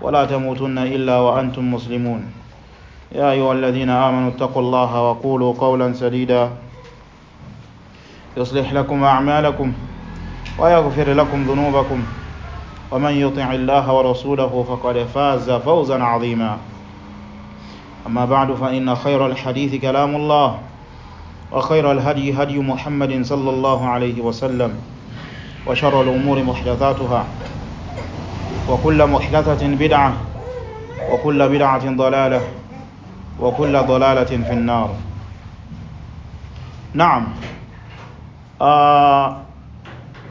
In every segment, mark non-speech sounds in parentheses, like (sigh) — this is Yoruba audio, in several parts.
ولا تموتن إلا وأنتم مسلمون يا أيها الذين آمنوا اتقوا الله وقولوا قولا سديدا يصلح لكم أعمالكم ويغفر لكم ذنوبكم ومن يطع الله ورسوله فقد فاز فوزا عظيما أما بعد فإن خير الحديث كلام الله وخير الهدي هدي محمد صلى الله عليه وسلم وشر الأمور محدثاتها وكل محدثة بدعة وكل بدعة ضلالة وكل ضلالة في النار نعم آه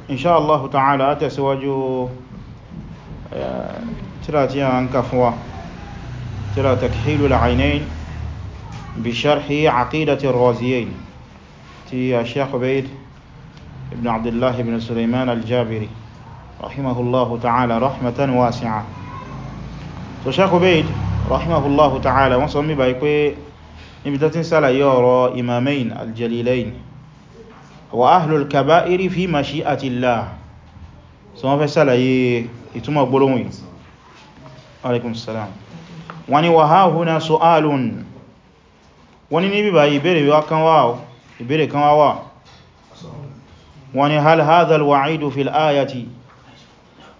إن شاء الله تعالى تسواج آه، تراتي عن كفوة ترى تكحيل العينين بشرح عقيدة الرازيين تي الشيخ بيد ابن عبد الله بن سليمان الجابري rahimahullahu ta'ala rahmatan wasi'a so Shaykh Ubayd rahimahullahu ta'ala wọ́n sọ mí báyìí pé níbi tó ti ń sálàyé ọ̀rọ̀ imamain aljalilain wa ahlul kaba'iri fi mashi'atillah so wọ́n fẹ́ sálàyé ìtumọ̀ gbólóhùn yìí alaikum salam wani wa ha huna su'alun wani níbi báyìí ìbéèrè kan wá wá wani hal hadha alwa'idu fil ayati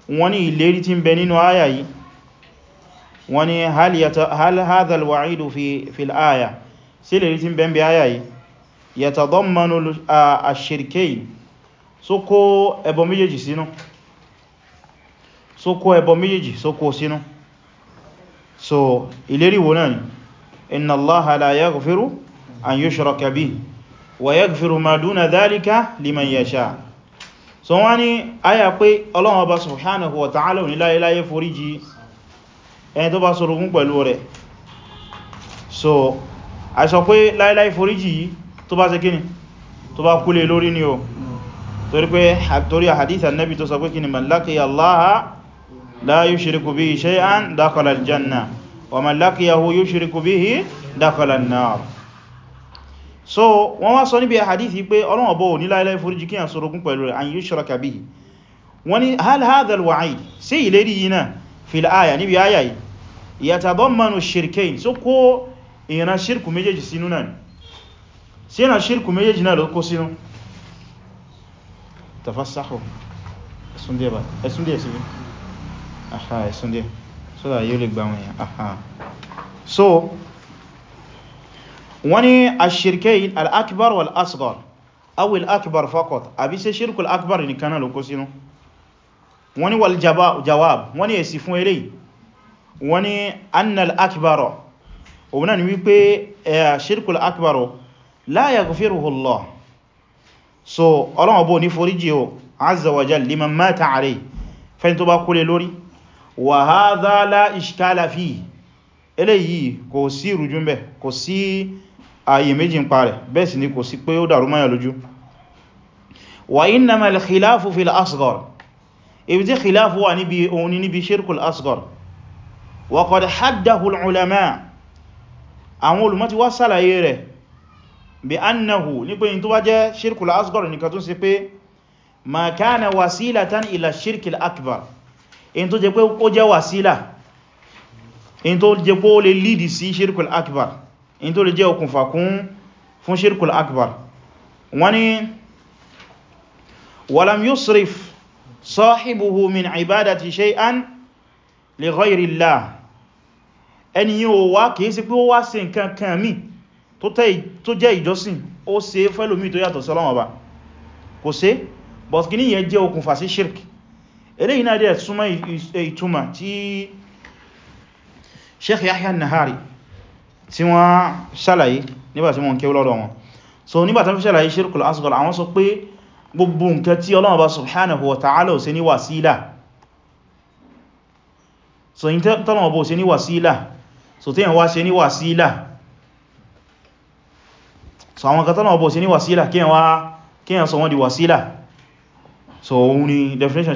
wọ́n ní ìlérí tí ń bẹ nínú àyà yìí wọ́n ní hal hadha alwa'idu fi al'aya sí ìlérí tí ń bẹ ń bẹ àyà yìí yatadammanu ash-shirkayn so kó ẹbọ méjèèjì sínú so kó ẹbọ méjèèjì so sínú so ìlérí wo náà ni inna allaha la yaghfiru an yushraka bihi wa yaghfiru ma duna dhalika liman yasha' so wọ́n ní àyà pé Ọlọ́run Ọba subhanahu wa ta'ala ní láyéláyé foríjì ẹni tó bá sorogún pẹ̀lú rẹ̀ so a sọ pé láyéláyé foríjì yìí tó bá ṣe kíni tó bá kúlé lórí ni o torí pé torí àhàdíta Nabi tó sọ pé kíni man laqiya Allaha la yushriku bihi shay'an so wọ́n wá sọ níbi hadithi pé Ọlọ́run Ọba ò ní láíláí foríjì kíyàn sorogún pẹ̀lú rẹ̀ an yushraka bihi wọ́n ní hal hadha al-wa'id sí ìlérí yìí náà fil aya níbi aya yìí yatadammanu shirkayn so kó ìran shirku méjèèjì sínú náà sí ìran shirku méjèèjì náà ló kó sínú tafassahu ẹ̀sùn díẹ̀ ẹ̀sùn díẹ̀ sí aha so wọ́n ni ashirkain al'akbar wal asghar aw al'akbar faqat àbí ṣe shirku al'akbar nìkan náà ló kó sínú wọ́n ni wal jawab wọ́n ni èsì fún eléyìí wọ́n ni anna al'akbar ni wípé eh, shirku al'akbar la yaghfiruhu Allah so Ọlọ́run bó ní foríjì o azza wa jal liman mata alayhi fẹ́ni tó bá kú lé lórí wa hadha la ishkala fihi eléyìí kò sí ìrújú ńbẹ̀ kò sí ààyè méjì ń pa rẹ̀ bẹ́ẹ̀ sì ni kò sí pé ó dàrú mọ́yàn lójú wa innama al-khilafu fil asghar ibi tí khilafu wà níbi òun ni níbi shirkul asghar wa qad haddahu al-ulama àwọn olùmọ̀ ti wá sàlàyé rẹ̀ bí annahu ní pé in tó bá jẹ́ shirkul asghar nìkan tó sì pé ma kana wasilatan ila shirkil akbar in tó jẹ́ pé ó jẹ́ wasila in tó jẹ́ pé ó lè lìdì sí shirkul akbar in tó lè jẹ́ okùnfà fún shirkul akbar wani walam yusrif sahibuhu min ibadati shay'an li ghayri Allah ẹni yíò wá kìí sí pé ó wá sí nǹkan kan mí tó jẹ́ ìjọsìn ó ṣe fẹ́lòmí tó yàtọ̀ sí Ọlọ́run Ọba kò sí but kí ní yẹ jẹ́ okùnfà sí shirk eléyìí náà dẹ̀ túnmọ̀ ìtumọ̀ tí Sheikh Yahya Nahari tí wọ́n ṣàlàyé nígbàtí wọ́n kéwú lọ́dọ̀ wọn so nígbàtí wọ́n ṣàlàyé shirkul asghar àwọn sọ pé gbogbo nǹkan tí Ọlọ́run bá subhanahu wa ta'ala ò ṣe ní wàsílà so yí tọ́lọ̀wọ̀ bó ṣe ní wàsílà so tí yẹn wá ṣe ní wàsílà so àwọn kan tọ́lọ̀wọ̀ bó ṣe ní wàsílà kí yẹn sọ wọ́n di wàsílà so òun ni definition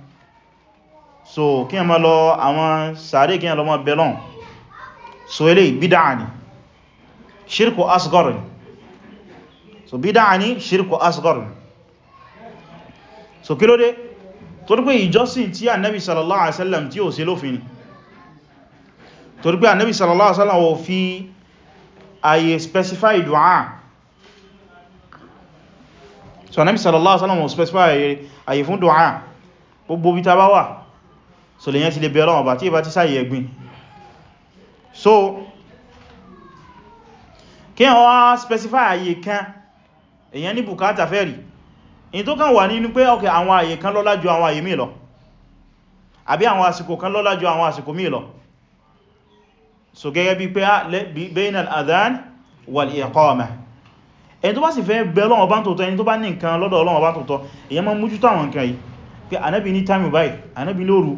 so kí ẹ ma lọ àwọn sàárè kí ẹ lọ mọ́ belon so eléyìí bídáà ni ṣírkù asghar ni so bídáà ni ṣírkù asghar ni so kí ló dé torí pé ìjọsìn tí annabi sallallahu alaihi wasallam tí ó ṣe lófin ni torí pé annabi sallallahu alaihi wasallam ó fi àyè specify du'a so annabi sallallahu alaihi wasallam ó specify àyè fún du'a gbogbo bí ta bá wà so lè yẹn ti lè bẹ̀rọ ọ̀bá tí ìbá ti sáyẹ̀ ẹ̀gbìn so kí wọ́n specify àyè kan èyàn ní bùkátà fẹ́rì in tó kàn wà nínú pé ok àwọn àyè kan lọ́lá ju àwọn àyè míì lọ àbí àwọn àsìkò kan lọ́lá ju àwọn àsìkò míì lọ so gẹ́gẹ́ bí pé ah, bainal adhan wal iqama ẹni tó bá sì fẹ́ bẹ Ọlọ́run bá ń tòótọ́ ẹni tó bá ní nǹkan lọ́dọ̀ Ọlọ́run bá tòótọ́ èyàn máa mójútó àwọn nǹkan yìí pé ànábì ní time báyìí ànábì lóru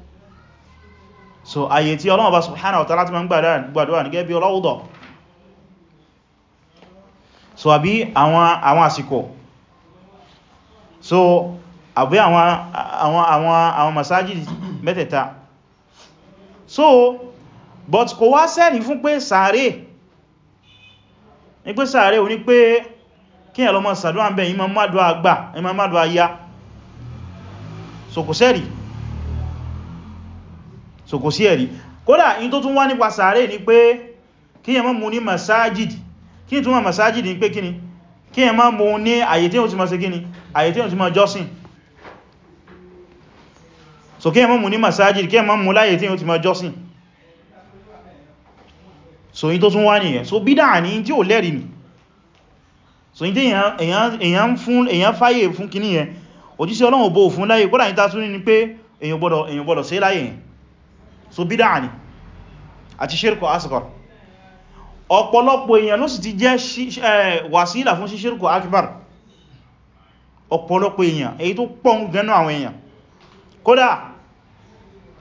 so ayé tí Ọlọ́run Ọba subhanahu wa ta'ala ti ma ń gbàdúwà ní gẹ́bí ọlọ́wọ́dọ̀ so àbí àwọn àsìkò so àbí àwọn masajid mẹ́tẹ̀ta so but kò wá sẹ́rì fún pé sare ní pé sàárè o ní pé kí ẹ̀lọ́mọ̀ sàdúwà ń bẹ̀ ìmọ̀ mádùá gbà ìmọ̀ mádùá yá so kò sẹ́rì so kò sí ẹ̀rí kódà in tó tún wá nípa sàárè ní pé kí yẹn mú ní masajid kí ní túnmọ̀ masajid ní pé kí ni kí yẹn má mú ní àyè tí yẹn ti máa ṣe kí ni àyè tí yẹn ti máa jọ́sìn so kí yẹn má mú ní masajid kí yẹn mú láyè tí yẹn jọ́sìn so in tó tún wá nìyẹn so bídà ní tí ò lẹ́rìí ni so in tí èyàn fáyè fún kí ní yẹn òjíṣẹ́ Ọlọ́run bó fún láyè kódà ní tásún ní pé èyàn gbọ́dọ̀ ṣe láyè yẹn so bídá ni àti ṣírkù asghar ọ̀pọ̀lọpọ̀ èèyàn ló sì ti jẹ́ eh, wàsílà fún sí ṣírkù akbar ọ̀pọ̀lọpọ̀ èèyàn èyí tó pọ̀ ń gẹnu àwọn èèyàn kódà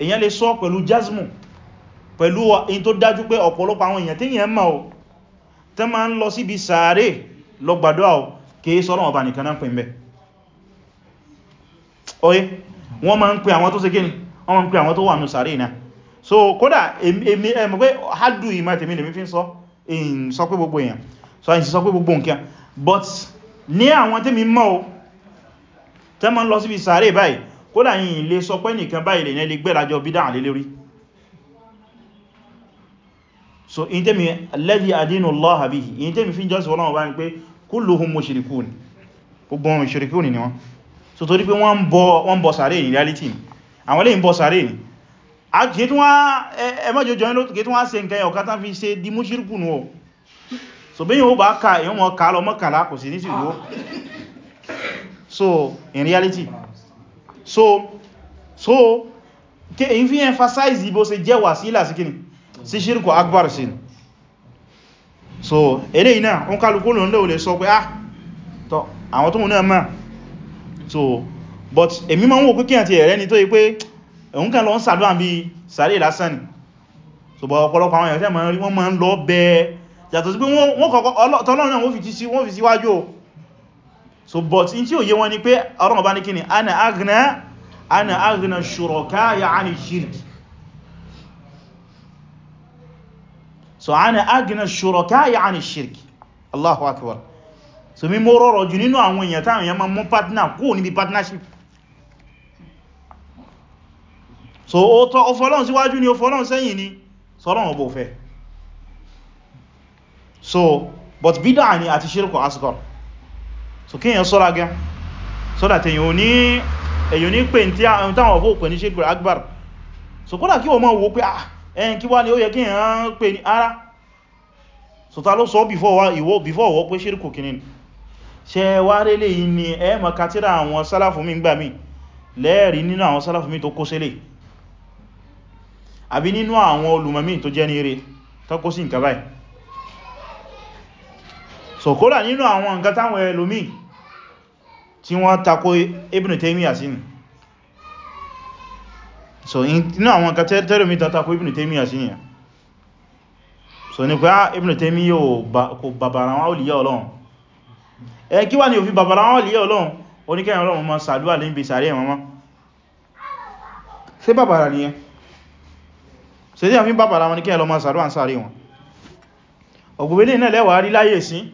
èèyàn lè sọ pẹ̀lú jazmu pẹ̀lú in tó dájú pé ọ̀pọ̀lọpọ̀ àwọn èèyàn tí èèyàn mọ̀ o tẹ́ ma ń lọ síbi sàárè lọ́gbàdọ́ àwọ̀ wọ́n ma ń pè àwọn tó wà nù sàárè náà so kódà èmi ẹmọ pé hadu ìmá tèmi lèmi fi ń sọ èyìn sọ pé gbogbo èyàn so èyìn sọ pé gbogbo nǹkan but ní àwọn tèmi mọ́ o tẹ́ mọ́ lọ síbi sàárè báyìí kódà yìí lè sọ pé nìkan báyìí lè lè gbẹ́rajọ bídá àlè lórí so in tèmi alladhi adinu Allah bihi in tèmi fi ń jọ́sí wọ́n bá ń pé kulluhum mushrikun gbogbo wọn ni wọ́n so torí pé wọ́n ń bọ sàárè ní reality àwọn lè ń bọ sàárè ní ẹmọ́jọjọ́ se nǹkan ọ̀ká fi ṣe di mú nù ọ̀ so bí yíò bá ká èyàn mọ̀ ká lọ mọ́kànlá kò sí ní sí ìwó so in reality so so ke èyí fi emphasize ibo ṣe jẹ́ wàsílà sí kíni sí ṣírkù akbar sí so eléyìí náà ó kálukú lòun lè sọ pé ah tọ́ àwọn tó mú náà máa so but èmi máa ń wò pé kí àti ẹ̀rẹ́ ni tó yí pé òun kàn lọ ń sàdúwà bí sàárè lásán ni ṣùgbọ́n ọ̀pọ̀lọpọ̀ àwọn èèyàn ma rí wọ́n ma ń lọ bẹ yàtọ̀ sí pé wọ́n kọ̀kọ́ tọ́lọ́run náà wọ́n fi síwájú o so but in tí ó yé wọn ni pé ọ̀rọ̀ ọba ní kíni ana agna ana agna ṣùrọ̀ká ya ani shirk so ana agna ṣùrọ̀ká ya ani shirk Allahu akbar so mi mo partnership so ó tọ́ ó fọ́lọ́n síwájú ni ó fọ́lọ́n sẹ́yìn ni sọ́lọ́n ọbọ̀ fẹ́ so but bídá ni àti ṣírkù asghar so kí èyàn sọ́ra gẹ́ so that èyàn ní èyàn ní pé tí àwọn ọ̀fọ́ pè ní ṣírkù akbar so kódà kí wọ́n mọ́ wo pé ah, ẹn kí wá ni ó yẹ kí èyàn pè ní ara so ta ló sọ before wọ́ pé ṣírkù kìíní ṣe wá rélé yìí ni ẹ mọ̀ katira àwọn sálàfù mi gbà mí lẹ́ẹ̀rí nínú àwọn sálàfù mi tó kó àbí nínú àwọn olùmọ̀mí tó jẹ́ ní eré tọ́kó sí nǹkan báyìí so kódà nínú àwọn nǹkan táwọn ẹlòmí tí wọ́n takò Ibn Taymiyyah sí ni so inú àwọn nǹkan tẹ́lòmí takò Ibn Taymiyyah sí ni so ní pé á ah, Ibn Taymiyyah kò bàbàrà wọn olìyà Ọlọ́run ẹ kí wà ní òfin bàbàrà wọn olìyà Ọlọ́run oníkẹ́yàn so tí a fi ń bàbàrà wọn ní kí ẹlọ máa sàrọ̀ àǹsàrí wọn ọgbùgbélé náà lẹ́wàá rí láyé sí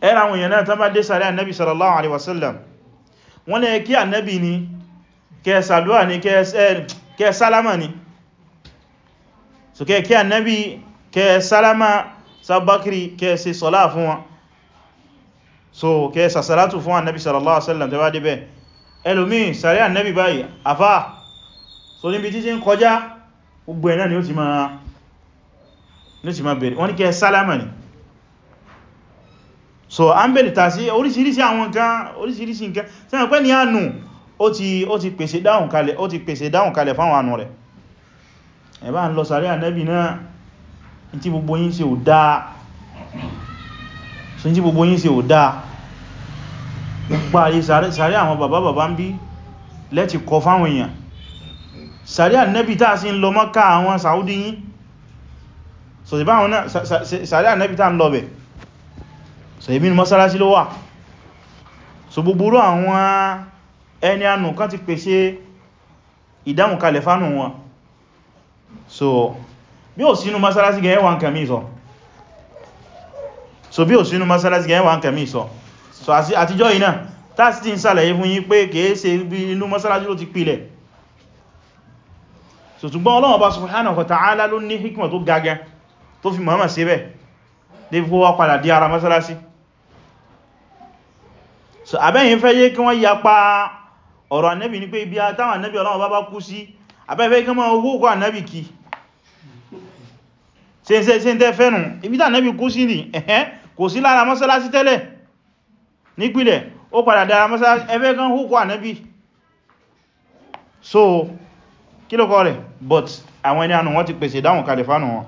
ẹ̀rà àwọn èèyàn náà tán bá dé sàrẹ́ ànẹ́bì sallallahu alaihi wasallam wọ́n lẹ́ kí ànẹ́bì ni kẹ́ sàdúwà ni kẹ́ eh, sálámà ni so kẹ́ kí ànẹ́bì kẹ́ sálámà sábákiri kẹ́ ṣe sọlá ànẹ́bì báyìí àfáà so níbi títí ń kọjá gbogbo ẹ̀ náà ni ó ti máa bèèrè wọ́n ní kẹ́ sálámà ni so a ń bèèrè tàà sí oríṣiríṣi àwọn nǹkan oríṣiríṣi nǹkan tí wọ́n pẹ́ ní ànù ó ti pèsè dáhùn kalẹ̀ ó ti pèsè dáhùn kalẹ̀ fáwọn ànù rẹ̀ ẹ̀bá ń lọ sàárẹ́ ànẹ́bì náà tí gbogbo yín ṣe ò dáa so tí gbogbo yín ṣe ò dáa gbogbo àyè sàárẹ́ àwọn sàríà nẹ́bí tàà sí ń lọ mọ́ká àwọn Saudi yìí so ìbá àwọn náà sàríà nẹ́bí tàà lọ bẹ̀ so ìbí mọ́sálásí ló wà so gbogboro àwọn ẹni anù kan ti pèsè ìdáhùn kalẹ̀ fánù wọn so bí ò sínú mọ́sálásí gẹ̀ẹ́ wà kẹ̀mí sọ so bí ò sínú mọ́sálásí gẹ̀ẹ́ wà kẹ̀mí sọ so àtijọ́ yìí náà tàà sí ti ń sàlẹ̀ yìí fún yín pé kèése inú mọ́sálásí ló ti pilẹ̀ so ṣùgbọ́n Ọlọ́run Ọba subhanahu wa ta'ala ló ní hikmọ̀ tó gagan tó fi mọ̀mọ̀ sí bẹ̀ dé fi wọ́n padà di ara mọ́sálásí so abẹ́yìn fẹ́ yé kí wọ́n ya pa ọ̀rọ̀ anẹ́bì ní pé ibi àtàwọn anẹ́bì Ọlọ́run Ọba bá kú sí so kí ló kọ́ rẹ̀ but àwọn ẹni ànù wọ́n ti pèsè dáhùn kalifánù wọn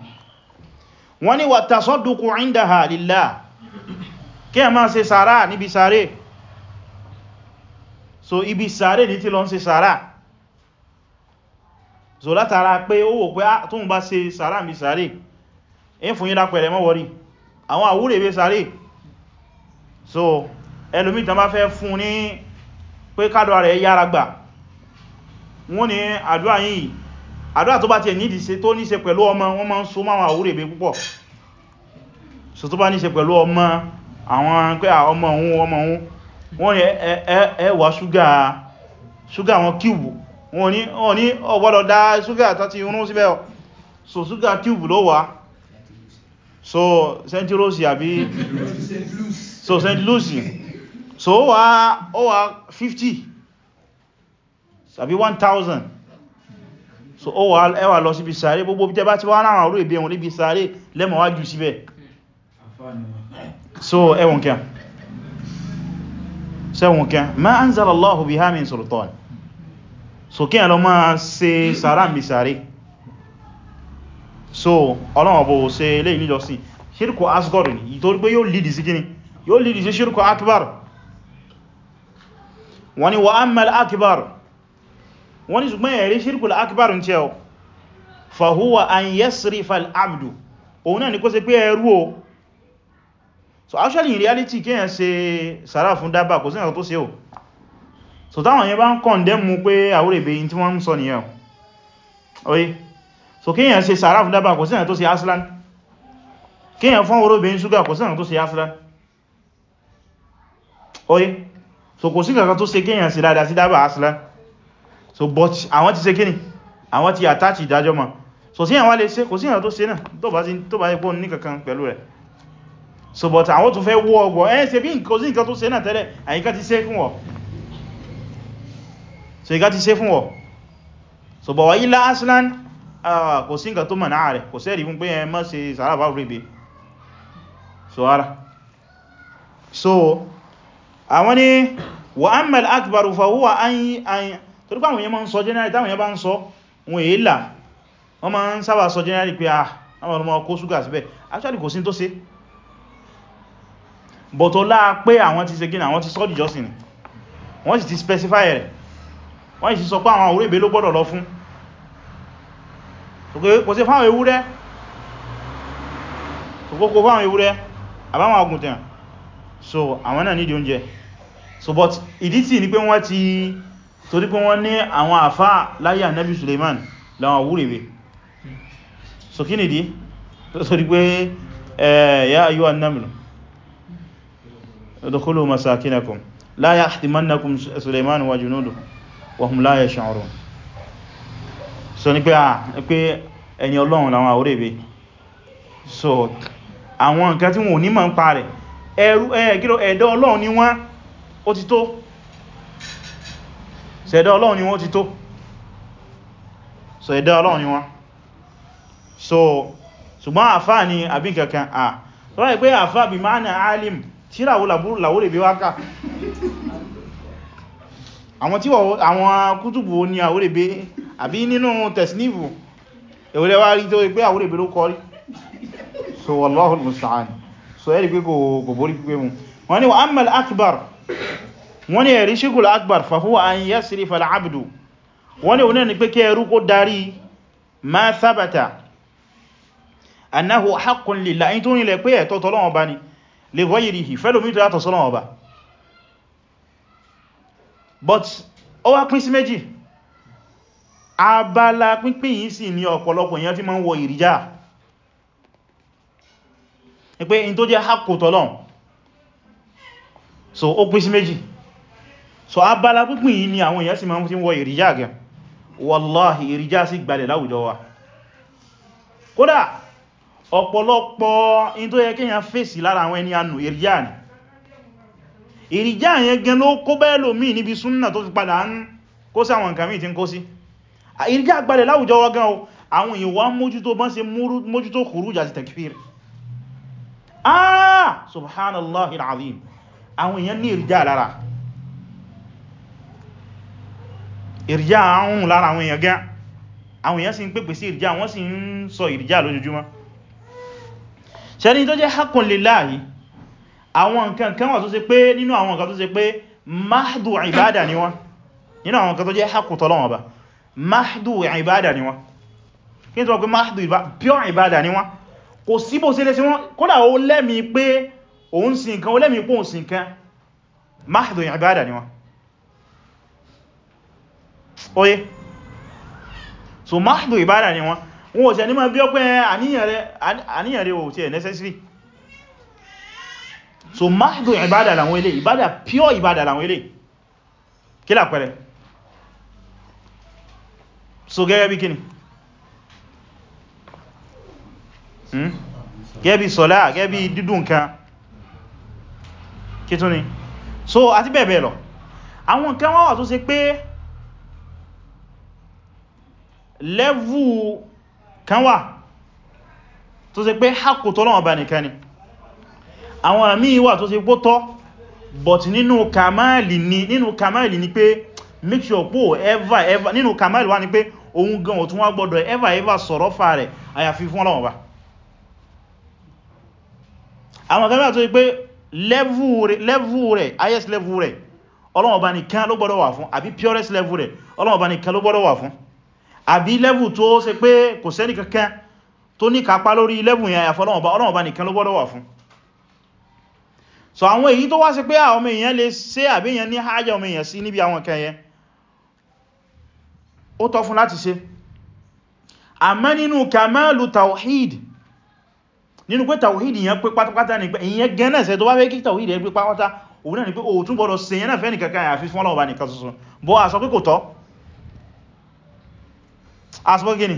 wọ́n ni wà tasadduqu indaha lillah kí ẹ máa ṣe sàárà níbi sàárè so ibi sàárè ní tí lọ ń ṣe sàárà so látara pé ó wò pé ah, tó ń bá ṣe sàárà mi sàárè in fún yínlá pẹ̀lẹ̀ mọ́wọ́rí àwọn so ẹlòmí tán bá fẹ́ fún ní pé kádọ̀ wọ́n ní àdúrà yìí àdúrà tó bá ti ní ìdíse tó ní ṣe pẹ̀lú ọmọ wọ́n máa ń so máa àwúrẹ̀ bẹ púpọ̀ so tó bá ní ṣe pẹ̀lú ọmọ àwọn pé ọmọ òun ọmọ òun wọ́n ní ẹwà ṣúgà ṣúgà wọn kíùbù wọ́n ní ọgbọ́dọ̀ dá ṣúgà àtàtí irun síbẹ̀ so ṣúgà kíùbù ló wà so St. Lucy àbí (laughs) so St. Lucy so ó wà 50 sàbí 1000 so ó wà ẹwà lọ síbi sàárè gbogbo bí tẹbá tí wá náà orú èdè wọn níbi sàárè lẹ́mọ̀wájú síbẹ̀ so ẹwọ̀n kẹ́ sẹ́wọ̀n kẹ́ ma anzala Allahu biha min sultan so kí ẹ̀lọ máa ṣe sàárà ń bí sàárè so ọlọ́wọ̀n bó ṣe ilé ìlú lọ́sí ṣírkù asgore ni ìtorí pé yóò lìdì sí gíní yóò lìdì sí ṣírkù akbar wani wa amma al-akbar wọ́n ní ṣùgbọ́n ẹ̀rí ṣírkùl akbar ń tẹ́ ọ fàhúwà an yasrifa al-abdu òun náà ni kó ṣe pé ẹrú o so actually in reality kíyàn ṣe sàrá fún dábà kò sí ẹ̀kọ́ tó ṣe o so táwọn yẹn bá ń condemn pé àwórèbè yìí tí wọ́n ń sọ nìyẹn oye so kíyàn ṣe sàrá fún dábà kò sí tó ṣe aslan kíyàn fún orobin ṣúgà kò sí ẹ̀kọ́ tó ṣe aslan oye so kò sí ẹ̀kọ́ tó ṣe kíyàn ṣe dáadáa sí dábà aslan so but àwọn ti ṣe kíni àwọn ti attach ìdájọ́ mọ́ so sí àwọn lè ṣe kò sí àwọn tó ṣe náà tó bá ipò ní kankan pẹ̀lú rẹ̀ so but àwọn tó fẹ́ wọ́ ọgbọ̀ ẹ́ ṣe bí nǹkan sí nǹkan tó ṣe náà tẹ́lẹ̀ àyíká ti ṣe fún wọ́ so ìgá ti ṣe fún wọ́ so bọ̀wọ̀ ilá aslan kò sí nǹkan tó mọ̀ náà rẹ̀ kò sẹ́rì fún pé ẹ má ṣe sàárà bá rèbe so ara so àwọn ni wa amma al-akbaru fa huwa an torípa àwọn èèyàn ma ń sọ generally táwọn èèyàn bá ń sọ wọn èé là wọ́n ma ń sábà sọ generally pé ah àwọn ọmọ kó ṣúgà síbẹ̀ actually kò sí tó ṣe bọ̀tọ̀ láà pé àwọn ti segin àwọn ti sọ dìjọsìn ni wọ́n sì ti specify rẹ̀ wọ́n sì sọ pé àwọn orí ìbé ló gbọ́dọ̀ lọ fún kò sí fáwọn ewúrẹ́ kòkó fáwọn ewúrẹ́ àbáwọn àgùntàn so àwọn náà nídìí oúnjẹ so but ìdí tí ni pé wọ́n ti torí pé wọ́n ní àwọn àfá láyé ànábì Suleiman láwọn wúrewé so kí nìdí torí pé ya ayyuhan namlu udkhulu masakinakum la yahtimannakum Suleiman wa junudu wa hum la yash'urun so ní pé ẹni Ọlọ́run láwọn àwúrewé so àwọn nǹkan tí wọn ní ma ń pa rẹ̀ ẹ̀dọ́ Ọlọ́run ni wọ́n ó ti tó so ẹ̀dá Ọlọ́run ni wọ́n ti tó so ẹ̀dá Ọlọ́run ni wọ́n so ṣùgbọ́n àfá ni àbí kankan à tó wáyé pé àfá bí máa ní alim tí ràwó làwó lè bí wákà àwọn tí àwọn kútùbù ní àwórèbé àbí nínú tẹ̀snífù ìwòlẹ̀ wá rí tó wí pé àwórèbé ló kọrí so wallahu musta'an so ẹ́rì wọ́n ní ẹ̀rí ṣíkùl akbar fahuwa an yasrifa al-abdu wọ́n ní oní ni pé kí ẹrú kó darí ma thabata annahu haqqun lillah in tó nílẹ̀ pé ẹ̀tọ́ t'Ọlọ́run Ọba ni li ghayrihi fẹ́lómí tó so ó pín sí méjì so abala pínpín yìí ni àwọn èèyàn sì máa ń fi wọ ìrìjá gẹn wallahi ìrìjá sì gbalẹ̀ láwùjọ wa kódà ọ̀pọ̀lọpọ̀ in tó yẹ kíyàn fèsì lára àwọn ẹni anù ìrìjá ni ìrìjá yẹn gẹn ló kó bẹ́ẹ̀ lò míì níbi súnnà tó fi padà ń kó sí àwọn nǹkan míì tí ń kó sí ìrìjá gbalẹ̀ láwùjọ wa gan àwọn ìwà mójútó bọ́n ṣe mójútó kùrújà sí takfir ah subhanallahil azim àwọn èèyàn ní ìrìjá lára ìrìjá àrùn lára àwọn èèyàn gan àwọn èèyàn sì ń pèpè sí ìrìjá wọ́n sì ń sọ ìrìjá lójoojúmọ́ ṣẹ́ni tó jẹ́ hakun lillahi àwọn nǹkan kan wà tó ṣe pé nínú àwọn nǹkan tó ṣe pé mahdu ìbádà ni wọ́n nínú àwọn nǹkan tó jẹ́ hakù tọ́lọ́wọ́n ba mahdu ìbádà ni wọ́n kí n tó pé mahdu oye so mahdu ibada ni wọn wọn ò ṣe ní ma bí ọpẹ́ eh, àníyàn rẹ̀ ò ṣe necessary so mahdu ibada làwọn ilé ibada pure ibada làwọn ilé kí lápẹẹrẹ so gẹ́gẹ́ bí kíni hmm? gẹ́gẹ́ bí sọ́lá gẹ́gẹ́ bí dídùn kan kí tún ni so àti bẹ́ẹ̀ bẹ́ẹ̀ lọ àwọn nǹkan wọ́n wà tó ṣe pé lẹ́vù kan wà tó ṣe pé hakù tọ́lọ́wọ́ bá nìkan ni àwọn àmì wà tó ṣe gbótọ́ but nínú kamali ni nínú kamali ni pé make sure po ever ever nínú kamali wà ní pé ohun gan ó tún wá gbọ́dọ̀ ever ever sọ̀rọ̀ fa rẹ̀ àyàfi fún Ọlọ́run ba àwọn bá level level rẹ̀ level rẹ̀ Ọlọ́run ba nìkan ló gbọ́dọ̀ wà fún àbí purest level rẹ̀ Ọlọ́run ba nìkan ló gbọ́dọ̀ wà fún àbí lẹ́bù tó ṣe pé kò sẹ́ni kankan tó ní kápá lórí lẹ́bù yẹn àyàfi Ọlọ́run Ọba Ọlọ́run Ọba nìkan ló gbọ́dọ̀ wà fún so àwọn èyí tó wá ṣe pé àwọn ah, èèyàn lè ṣe àbí èèyàn ní hájà ọmọ èèyàn sí níbi àwọn kan yẹn ó tọ́ fún láti ṣe àmọ́ nínú kamalu tawhid nínú pé tawhid yẹn pé pátápátá ní pé ìyẹn gẹ́nà ṣe tó wá fẹ́ kí tawhid yẹn pé pátápátá òun náà ni pé òun tún gbọ́dọ̀ ṣe yẹn náà fẹ́ nìkankan àyàfi fún Ọlọ́run nìkan ṣoṣo bọ́ a sọ pé kò tọ́ asọ́gíní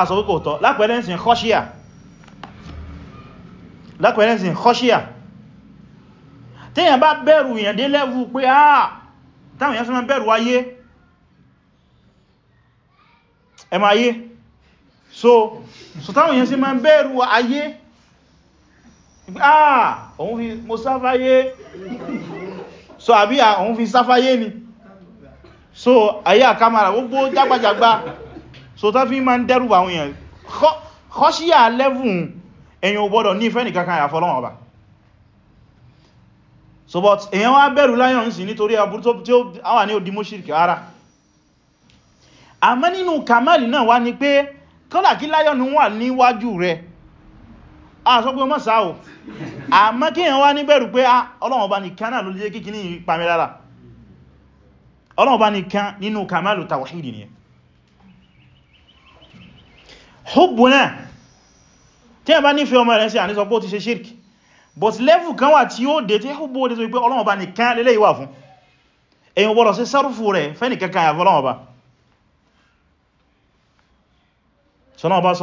asọ́gíkò tọ́ lápẹ̀lẹ́sìn kọ́ṣíà tíyàn bá bẹ̀rù èyàn dé lẹ́wù pé àà ah! táwọn èyàn súnmọ́ bẹ̀rù ayé ẹmọ ayé so táwọn èyàn sí máa bẹ̀rù ayé àà ah! òun fi mo sáfáyé so àbí ah, òun fi sáfáyé ni so ayé àkámàrà gbogbo jágbàjàgbà so tó fi ma ń dẹ́rù àwọn èèyàn kọ́ṣíyà lẹ́vùn èèyàn òbọ́dọ̀ ní ìfẹ́ nìkankan àyàfi Ọlọ́run Ọba so but èèyàn wá bẹ̀rù láyọ̀ ń sì nítorí aburú tí ó wà ní òdí mọ́ṣíríkì ara àmọ́ nínú kamali náà wá ní pé kọ́làkí láyọ̀ wà níwájú rẹ̀ a sọ pé mọ́ sáà o àmọ́ kí èèyàn wá ní bẹ̀rù pé ah, Ọlọ́run Ọba nìkan náà ló lè jẹ́ kíkí ní ìpamẹ́lára Ọlọ́run Ọba nìkan nínú kamalu tawhidi nìyẹn hubbu náà tí a bá nífẹ̀ẹ́ ọmọ rẹ̀ sí àníṣọ́ pé ó ti ṣe shirk but level kan wà tí ó dé tí hubbu ó dé tó wípé Ọlọ́run bá nìkan lélẹ̀ ìwà fún èyàn gbọ́dọ̀ sí sárúfù rẹ̀ fẹ́ni kankan àyàfọ́ Ọlọ́run bá sọ́nà ọba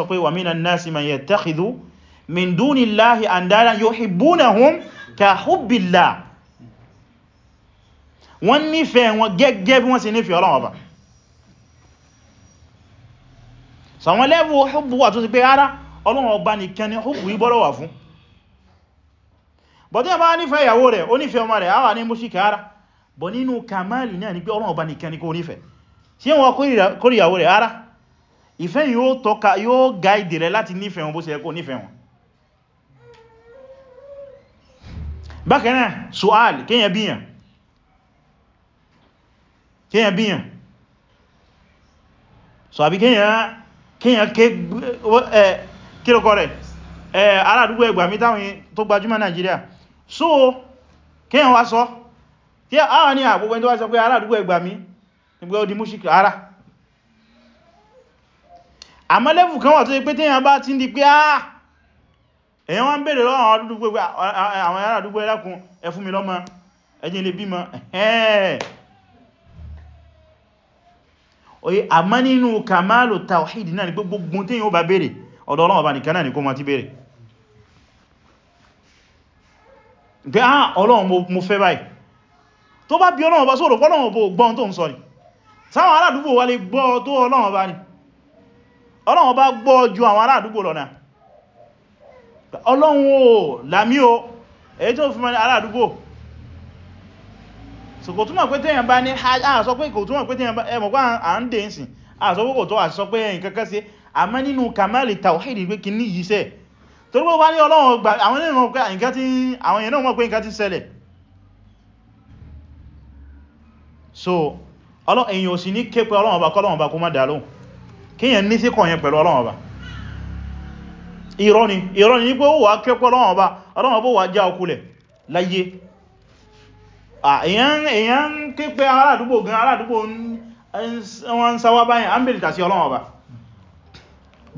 so àwọn level hubbu wà tó ti pé ara Ọlọ́run ọba nìkan ni hubbu yí bọ́rọ̀ wà fún bọ̀dé bá nífẹ̀ẹ́ ìyàwó rẹ̀ ó nífẹ̀ẹ́ ọmọ rẹ̀ àwà ní múṣíkà ara bọ̀ nínú kamali náà ni pé Ọlọ́run ọba nìkan ni kó nífẹ̀ẹ́ tí wọ́n kórì ìyàwó rẹ̀ ara ìfẹ́ yóò tọ́ka yóò gáìdì rẹ̀ láti nífẹ̀ẹ́ so àbí kíyàn kíyàn kílòkọ́ rẹ̀ aládùgbò ẹgbàmí táwọn tó gbajúmọ̀ Nàìjíríà so kíyàn wá sọ tí àwọn ní àgbogbo ẹni tó wá di múṣíkì ara àmọ́ lẹ́fù kan wà tó yí pé tíyàn bá ti ń di pé ah èyàn wá ń bèèrè lọ́wọ́ àwọn aládùgbò ẹlẹ́kùn ẹ lọ́mọ ẹjìn lè bímọ ẹ̀ẹ́ oye àmọ́ nínú kamalu tawhid náà ni pé gbogbo tí yíò bá bèèrè ọ̀dọ̀ Ọlọ́run Ọba nìkan náà ni kó ma ti bèèrè pé á ah, Ọlọ́run mo fẹ́ báyìí tó bá bí Ọlọ́run Ọba sọ̀rọ̀ Ọlọ́run Ọba gbọ́n tó ń sọ ni sáwọn aládùúgbò wà lè gbọ́ tó Ọlọ́run Ọba ni Ọlọ́run Ọba gbọ́ ju àwọn aládùúgbò lọ́nà Ọlọ́run ò lámí o èyí so kò túnmọ̀ pé tẹ́yàn bá ní a sọ pé kò túnmọ̀ pé tẹ́yàn bá ẹmọ̀ pé à ń dè ń sìn a sọ pé kò tọ́ àti sọ pé ẹ̀yìn kankan sí àmọ́ nínú kamali tawhidi pé kì ní yìí sẹ́ torí pé wá ní Ọlọ́run gbà àwọn ènìyàn mọ̀ pé nǹkan tí àwọn ènìyàn mọ̀ pé nǹkan tí ṣẹlẹ̀ so èyàn ò sì ní ké pé Ọlọ́run ọba kọ́ Ọlọ́run ọba kó má dà lóhùn kíyàn ní sí kọ̀yẹn pẹ̀lú Ọlọ́run ọba irọ́ ni irọ́ ni pé ó wà ké pé Ọlọ́run ọba Ọlọ́run ọba wà já ọkulẹ̀ láyé èyàn ń ké pé ará àdúgbò gan ará àdúgbò wọ́n ń sáwá báyìí ámbìlìkà sí ọlọ́wọ́ ọba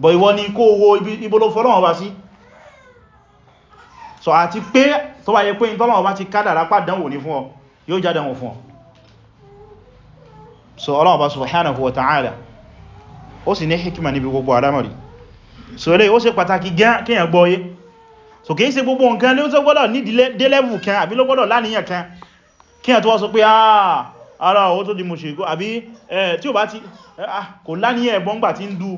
bọ̀ ìwọ ni kó owó ibolo fọ́lọ́wọ́ sí so àti pé tó bá yẹ pé ìtọ́lọ́wọ́ ọba ti kádàrá pàdánwò ní fún ọ yóò jádẹ̀wò fún ọ so ọlọ́wọ́ ọba subhanahu wa ta'ala ó sì ní hikima níbi gbogbo so ilé ó ṣe pàtàkì gan kíyàn so kìí ṣe gbogbo nǹkan ló gbọ́dọ̀ ní délẹ́bù kan àbí ló kí ẹ̀ tó wá sọ pé ah, ara ọ̀ tó di mùṣírikù àbí tí ó bá ti ah, kò láni ẹ̀bọ́n gbà tí ń du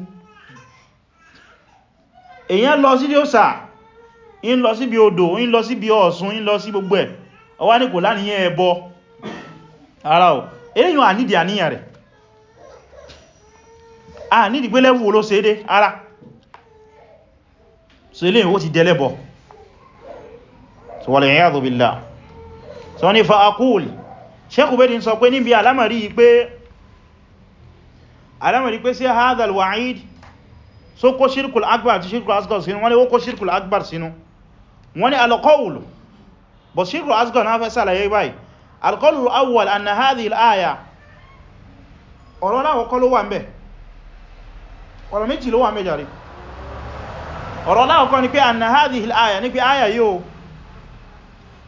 èyàn lọ sí òsà in lọ sí bí odò in lọ sí bí ọ̀ṣun in lọ sí gbogbo ẹ̀ ó wá ní kò láni ẹ̀bọ ara ọ̀ èyàn ànídì àníyàn rẹ̀ a nídì pé lẹ́wù ló ṣe dé ara so ilé ìwó ti dẹ́lẹ́bọ̀ so wal iyadhu so ni fa akúl ṣekú bẹ́dì sọ pé níbi alamari pé alamari pé sí hadal wa'id so kó shirkul akbar àti shirkul asgar sínú wọ́n ni ó kó shirkul akbar sínú wọ́n ni alkọ́wùl bọ̀ shirkul asgar náà fẹ́ sàlàyé báyìí alkọ́wùl awwal anna hadhihi al-aya ọ̀rọ̀ láwọ̀ kọ́ ló wà ń bẹ̀ ọ̀rọ̀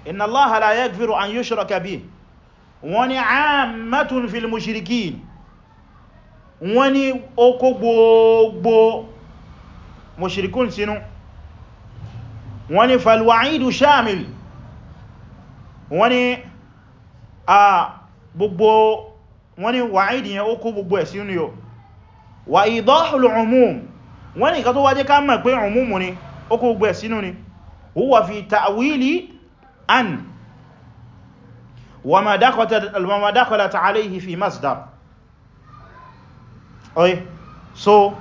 inna Allaha la yaghfiru an yushraka bihi wọ́n ni ammatun fil mushrikin wọ́n ni ó kó gbogbo mushrikun sínú wọ́n ni fal wa'idu shamil wọ́n ni a gbogbo wọ́n ni wa'idi yẹn ó kó gbogbo ẹ̀ sínú yóò wa idahul umum wọ́n ni ìkà tó wájé ká mọ̀ pé ni ó kó ni huwa fi ta'wili an wama dakhalata alayhi fi masdar oye so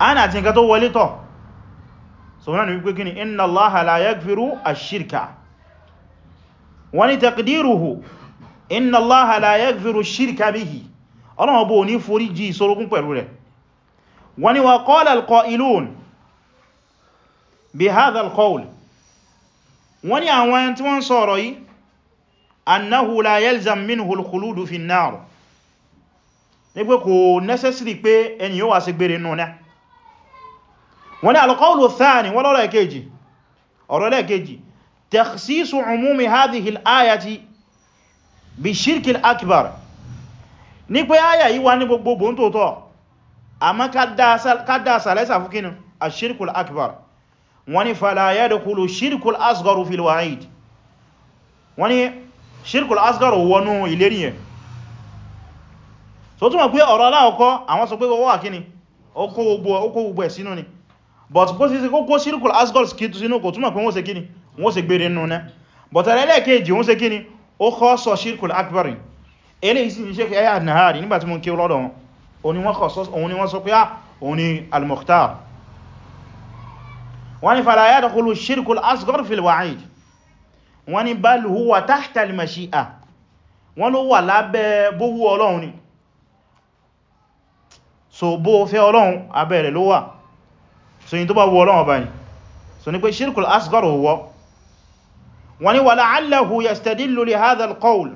an àti nǹkan tó wọlé tọ̀ so náà ni wípé kí ni inna allaha la yaghfiru ash-shirka wani taqdiruhu inna allaha la yaghfiru shirka bihi ọlọ́wọ́ bó ní foríjì ìsorogún pẹ̀lú rẹ̀ wani wa qala al-qa'ilun bi hadha al wọ́n ní àwọn tí wọ́n sọ̀rọ̀ yìí annahu la yalzam minhu al-khuludu fi an-nar ní pé kò necessary pé ẹni yóò wà sí gbére nù náà wọ́n ní al-qawlu thani wọ́n lọ́rọ̀ ẹ̀kejì ọ̀rọ̀ lẹ́ẹ̀kejì takhsisu umumi hadhihi ayati bi shirki akbar ní pé áyà yìí wá ní gbogbo wọ́n ni fala yadkhulu shirkul asgaru fil wa'id wọ́n ni shirkul asgaru wọnú ìlérí yẹn so túnmọ̀ pé ọ̀rọ̀ aláwọ̀kọ́ àwọn sọ pé wọ́n wà kíni ó kó gbogbo ẹ̀ sínú ni but kó sí kó kó shirkul asgaru kìtù sínú kò túnmọ̀ pé wọ́n ṣe kíni wọ́n ṣe gbére nínú náà but ẹlẹ́ẹ̀kejì wọ́n ṣe kíni ó kọ́ sọ shirkul akbar eléyìí sì ní Sheikh Yahya an-Nahari nígbàtí mo kí lọ́dọ̀ wọn òun ni wọ́n sọ pé ah òun ni al-Mukhtar wọ́n ni fala yadkhulu shirkul asghar fil wa'id wọ́n ni bal huwa tahta al mashi'a wọ́n ló wà lábẹ́ bówú ọlọ́run ni so bó fẹ́ ọlọ́run abẹ́ rẹ̀ ló wà so yí tó bá wù ọlọ́run ọba ni so ní pé shirkul asghar huwa wọ́n ni wa la'allahu yastadillu li hadha al qawl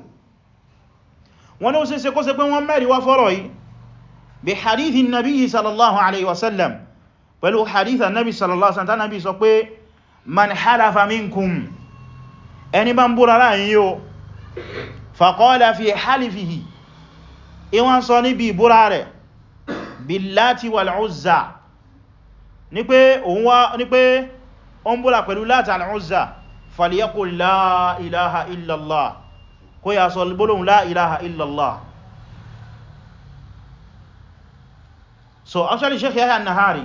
pẹ̀lú haditha nabi sallallahu alaihi wasallam nabi sọ pé man halafa minkum ẹni bá ń búra láàrin yíò faqala fi halifihi ìwọ́n sọ níbi ìbúra rẹ̀ billati wal uzza ní pé ó ń búra pẹ̀lú láti al uzza falyaqul la ilaha illallah kó yà sọ gbólóhùn la illallah so actually sheikh yahya nahari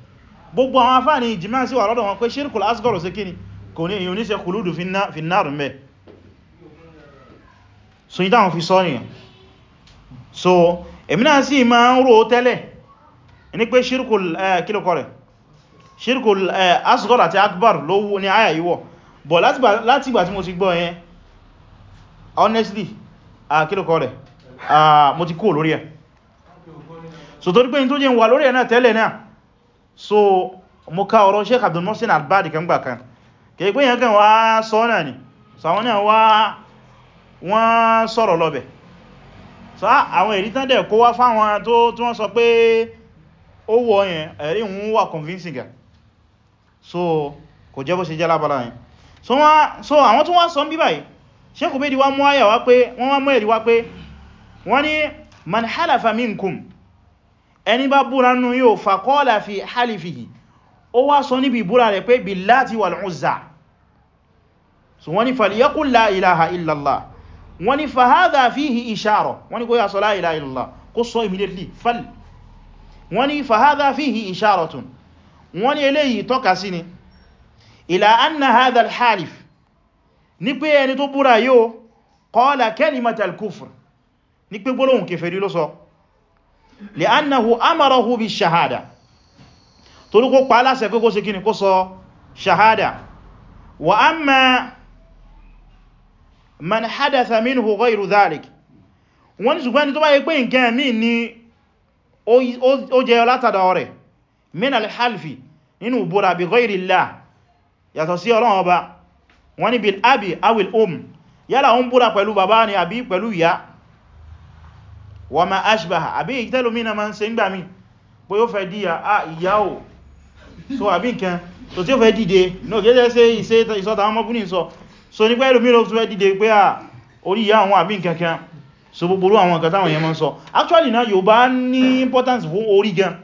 gbogbo àwọn afá ní ìjìmá sí wà lọ́dọ̀ wọn pé ṣírkùl asgọ́rù sí kíni kò ní èyàn oníṣẹ́ kùlúdù fi náàrùn mẹ́ so ìdáhùn fi sọ nìyàn so èmi náà sì máa ń rò tẹ́lẹ̀ ní pé ṣírkùl kílùkọ àti akbar ló ni ní àyà yíwọ̀ bọ̀ láti ìgbà tí mo ti gbọ́ yẹn honestly kílùkọ rẹ̀ mo so torí pé ní tó jẹ́ wà lórí so mo ká ọ̀rọ̀ Sheikh Abdul Mohsin Al-Badi kan gbà kan kìí pé yẹn kan wá sọ náà ni so àwọn náà wá wọ́n sọ̀rọ̀ lọ́bẹ̀ so àwọn èrí tán dẹ̀ kó wá fáwọn tó tí wọ́n sọ pé ó wọ yẹn ẹ̀rí ń wà convincing gan so kò jẹ́ bó ṣe jẹ́ lábára yẹn so àwọn tó wá sọ bí báyìí Sheikh Ubaydi wá mú àyà wá pé wọ́n wá mú ẹ̀rí wá pé wọ́n ní man halafa minkum ẹni bá búra nú yóò fàkọ́ọ̀lá fi halifihi ó wá sọ níbi búra rẹ̀ pé billati wal uzza so wọ́n ni falyaqul la ilaha illallah wọ́n ni fahadha fihi ishara wọ́n ni kó yá sọ la ilaha illallah kó sọ immediately fal wọ́n ni fahadha fihi isharatun wọ́n ni eléyìí tọ́ka sí ni ila anna li'annahu amarahu bi shahada torí kó pa aláṣẹ pé kó ṣe kí ni kó sọ shahada wa amma man hadatha minhu ghayru dhalik wọ́n ní ṣùgbọ́n ni tó bá yẹ pé nǹkan mí ní ó jẹyọ látàdà ọ̀rẹ̀ min alhalfi nínú búra bi ghayri Allah yàtọ̀ sí Ọlọ́run ọba wọ́n ní bil abi awil um yálà ó ń búra pẹ̀lú bàbá ni àbí pẹ̀lú ìyá wa ma ashbaha àbí ìtẹ́lómi ma ń ṣe ń gbà mí pé ó fẹ́ díyà à ìyá ah, so àbí nǹkan so tí ó fẹ́ dìde náà gẹ́gẹ́ sí ìsọ́ta àwọn sọ so ní pẹ́lú mìíràn tó fẹ́ dìde pé à ah, orí ìyá àwọn àbí actually náà Yorùbá ní importance fún gan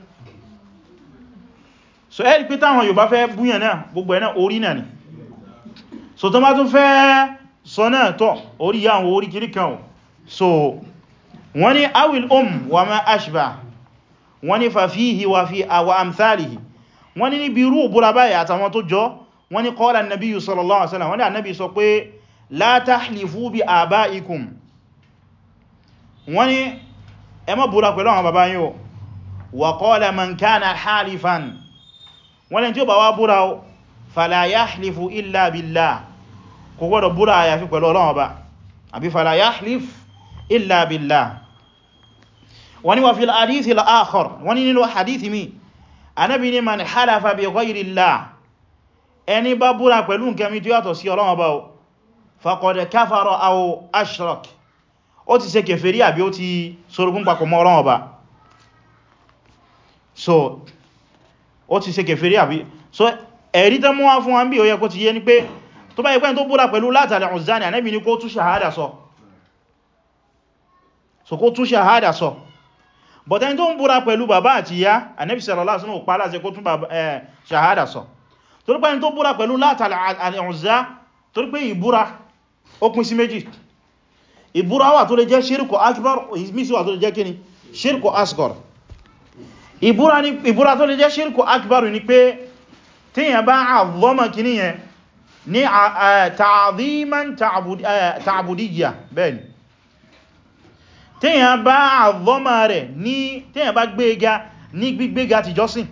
so ẹ́rì pé táwọn Yorùbá fẹ́ búyàn náà gbogbo ẹ̀ náà so tó má tún fẹ́ sọ náà tọ́ kiri kan so wọ́n ni awil um wa ma ashba wọ́n ni fafihi wa fi awa amthalihi wọ́n ni níbi irú òbúra báyìí àtàwọn tó jọ wọ́n ni qala annabi sallallahu alaihi wasallam wọ́n ni annabi sọ pé la tahlifu bi abaikum wọ́n ni ẹ kò gbọ́dọ̀ búra àyàfi pẹ̀lú Ọlọ́run Ọba àbí fala yahlif illa billah wani wa fil hadithi al-akhar wani nínú hadithi mi Ànábì ní man halafa bi ghayri Allah ẹni bá búra pẹ̀lú nǹkan mi tó yàtọ̀ sí Ọlọ́run Ọba o faqad kafara aw ashrak ó ti ṣe kèfèrí àbí ó ti sorogún papọ̀ mọ́ Ọlọ́run Ọba so ó ti ṣe kèfèrí àbí so ẹ̀rí tán mú wá fún wa ń bí ó yẹ ti yé ni pé tó bá ipẹ́ tó búra pẹ̀lú látàlẹ̀ ọ̀zánì Ànábì ní kó tún ṣàhádà sọ so kó tún ṣàhádà sọ so but ẹni tó ń búra pẹ̀lú bàbá àti ìyá Ànábì sallallahu alaihi wasallam pa láti kó tún ṣàhádà sọ torí pé ẹni tó búra pẹ̀lú Lát àti Uzza torí pé ìbúra ó pín sí méjì ìbúra wà tó lè jẹ́ ṣírkù akbar ìsmísí wà tó lè jẹ́ kíni ṣírkù asgor bá àzọ́mọ̀ kíní ní tíyàn bá àvọ́mà rẹ̀ ní tíyàn bá gbéga ní gbígbéga ti jọ́sìn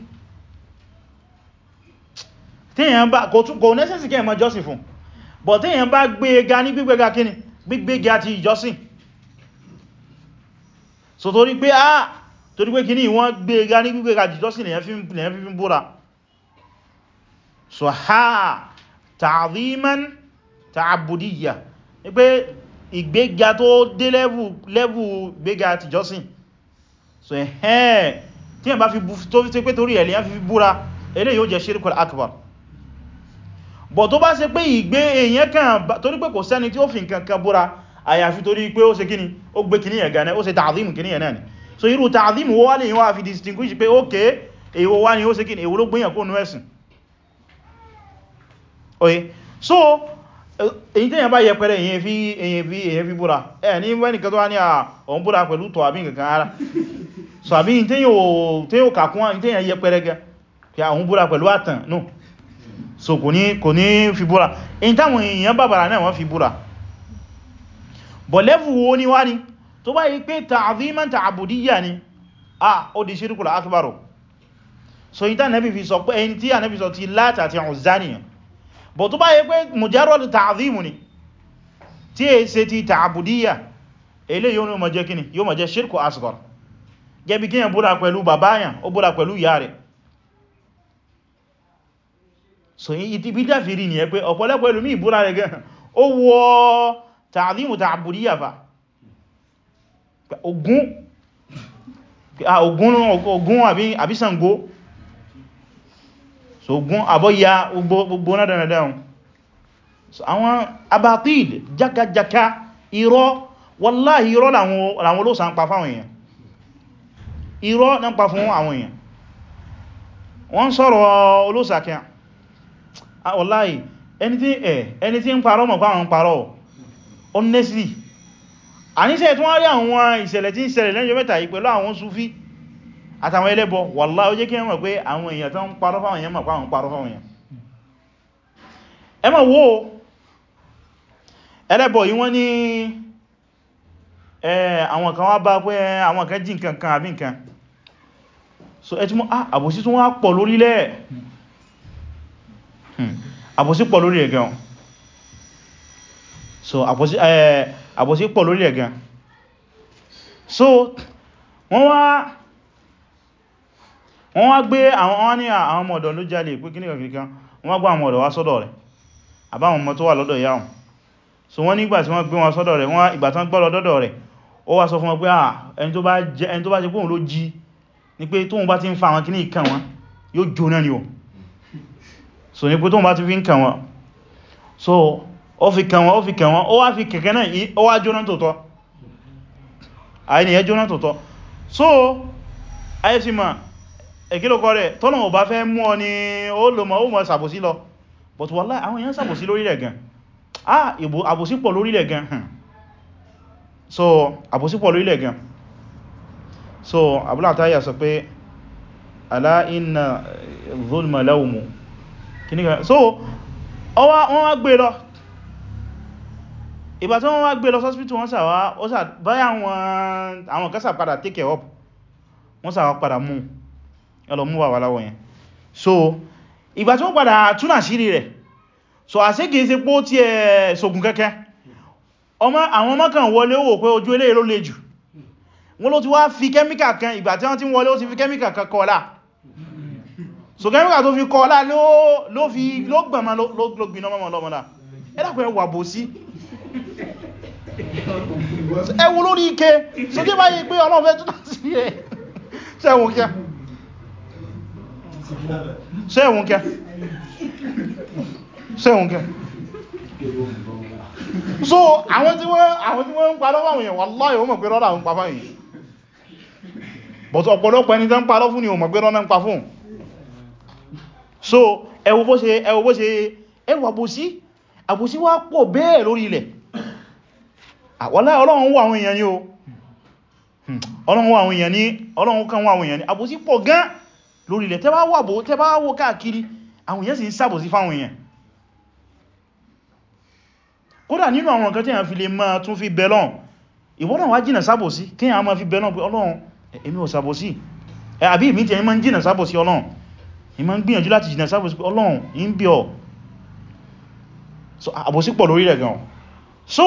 tíyàn bá kò nẹ́sẹ̀sì kẹ́ mọ́ jọ́sìn fún bọ̀ tíyàn bá gbéga ní gbígbéga kíni gbígbéga ti jọ́sìn so torí pé a torí pé kíní wọ́n gbéga ní gbígbéga ti jọ́sìn ìgbéga tó dé lẹ́bù gbéga àti jọ́sìn so ẹ̀hẹ́n tí ẹ̀ bá fi tó fi pé torí ẹ̀lẹ́yàn fi búra eléyìí ó jẹ́ shirkul akbar bọ̀ tó bá ṣe pé ìgbé èyàn kan torí pé kò sẹ́ni tí ó fi nǹkan kan búra àyàfi torí pé ó ṣe kíni ó gbé kíní yẹn gan ó ṣe ta'dhim kíní yẹn náà ni so irú ta'dhim wọ́n wá lè yíwá fi distinguish pé ókè èwo wá ni ó ṣe kíni èwo ló gbéyàn kó nú ẹ̀sìn oye so èyí tẹ́yàn bá yẹpẹrẹ èyàn fi èyàn fi èyàn fi búra ẹ̀ ní wẹ́n nìkan tó wá ní àwọn búra pẹ̀lú tọ̀ àbí nǹkan ara so àbí tẹ́yàn kàkún tẹ́yàn yẹpẹrẹ gẹ kí àwọn búra pẹ̀lú àtàn no so kò ní kò ní fi búra èyí táwọn èyàn bàbàrà náà wọ́n fi búra bọ̀ lẹ́fù wo ni wá ni tó bá yí pé ta'dhiman ta'budiyya ni a ó di shirkul akbaru so ìtànẹ́bì fi sọ pé ẹni tí ànẹ́bì sọ ti Láàtà àti Uzzá nìyàn bọ̀ tó bá yẹ pé mujarrad ta'dhim ni tí è ṣe ti ta'budiyya ilé yóò ní ó máa jẹ́ kíni yóò máa jẹ́ shirku asghar gẹ́bí kíyàn búra pẹ̀lú bàbáyàn ó búra pẹ̀lú ìyá rẹ̀ so ibi dáfìrí ni ẹ pé ọ̀pọ̀lọpọ̀ ẹlòmí ìbúra rẹ̀ gan so gun aboya gbogbo náà dandan so àwọn abatil jakajaka irọ́ wallahi irọ́ làwọn olóòsà ń pa fáwọn èèyàn irọ́ náà ń pa fún àwọn èèyàn wọ́n sọ̀rọ̀ olóòsà kí ah, wallahi eh, ẹni tí ń parọ́ mọ̀ fáwọn ń parọ́ honestly àníṣẹ́ tí wọ́n rí àwọn ìṣẹ̀lẹ̀ tí ń ṣẹlẹ̀ lẹ́yìn mẹ́ta yìí pẹ̀lú àwọn sufi àtàwọn ẹlẹ́bọ wàlá ó jẹ́ kí ẹmọ̀ pé àwọn èèyàn tó ń parọ́ fáwọn èèyàn mọ̀ pé àwọn parọ́ fáwọn èèyàn ẹmọ̀ wo ẹlẹ́bọ yìí wọ́n ní àwọn kan wá bá pé àwọn kan jí nǹkan kan àbí nǹkan so ẹ ti ah, hmm, wọ́n wá wọ́n wá gbé àwọn ní àwọn ọmọ ọ̀dọ̀ ló jalè pé kíní kan kìkan wọ́n wá gbá àwọn ọ̀dọ̀ wá sọ́dọ̀ rẹ̀ àbáwọn ọmọ tó wà lọ́dọ̀ ìyá wọn so wọ́n nígbà tí wọ́n gbé wọn sọ́dọ̀ rẹ̀ wọ́n ìgbà tán gbọ́rọ̀ dọ́dọ̀ rẹ̀ ó wá sọ fún wọn pé ni pé tóun bá ti ń fa àwọn kíní ni o so ni pé tóun bá ti fi ń kan wọn so ó fi kan wọn ó fi kan wọn ó wá fi kẹ̀kẹ́ náà ó so ayé ti máa ẹ̀kílòkọ́ rẹ̀ tọ́nà ọba fẹ́ mú ọ ni ó lò mọ́ ó mọ́ sàbòsí lọ but wallahi àwọn èèyàn sàbòsí lórí rẹ̀ gan ah ìbò àbòsí pọ̀ lórí rẹ̀ gan hmm. so àbòsí pọ̀ lórí rẹ̀ gan so Abul Ataya sọ pé ala inna zulma lawmu so ọwá wọ́n wá gbé lọ ìgbà tí wọ́n wá gbé lọ sọ́spítù wọ́n sàwá báyà àwọn kásà padà take care up wọ́n sàwá padà mú ẹlọ mú wà láwọ̀ yẹn so ìgbà tí wọ́n padà tún àṣírí rẹ̀ so àṣé kìí ṣe pó tí ẹ ṣògùn kẹ́kẹ́ àwọn ọmọ kan wọlé wò pé ojú eléyìí ló le jù wọ́n ló ti wá fi kẹ́míkà kan ìgbà tí wọ́n ti wọlé ó ti fi kẹ́míkà kan kọlá so kẹ́míkà tó fi kọlá ló fi ló gbọ̀nmọ́ ló ẹwù lórí ike so tí bá yí pé ọlọ́fẹ́ tó náà sí ẹ̀ ṣẹ́wọ̀n kíá sẹ́wọ̀n kẹ́ sẹ́wọ̀n kẹ́ so àwọn tí wọ́n ń pa lọ́wọ́ àwọn èèyàn wallahi wọ́n mọ̀ pé rọ́rà ń pa báyìí but ọ̀pọ̀lọpọ̀ ẹni tán ń pa lọ́fún ni o mọ̀ pé rọ́rà ń pa fún so ẹwọ bó ṣe ẹwọ bó ṣe ẹwọ àbòsí àbòsí wá pọ̀ bẹ́ẹ̀ lórí ilẹ̀ wallahi ọlọ́run wà àwọn èèyàn ni o hmm, ọlọ́run wà àwọn èèyàn ni ọlọ́run kan wà àwọn èèyàn ni àbòsí pọ̀ gan-an lórí ilẹ̀ tẹ́bá wà bó tẹ́bá wò káàkiri àwọn èèyàn sì ń ṣàbòsí fáwọn èèyàn kódà nínú àwọn nǹkan tí èèyàn fi lè máa tún fi bẹ̀lọ́n ìwọ́n náà wá jìnà ṣàbòsí kí èèyàn máa fi bẹ̀lọ́n pé ọlọ́run èmi ò ṣàbòsí àbí ìmí tí èèyàn máa ń jìnà ṣàbòsí ọlọ́run ìmá ọlọ́run so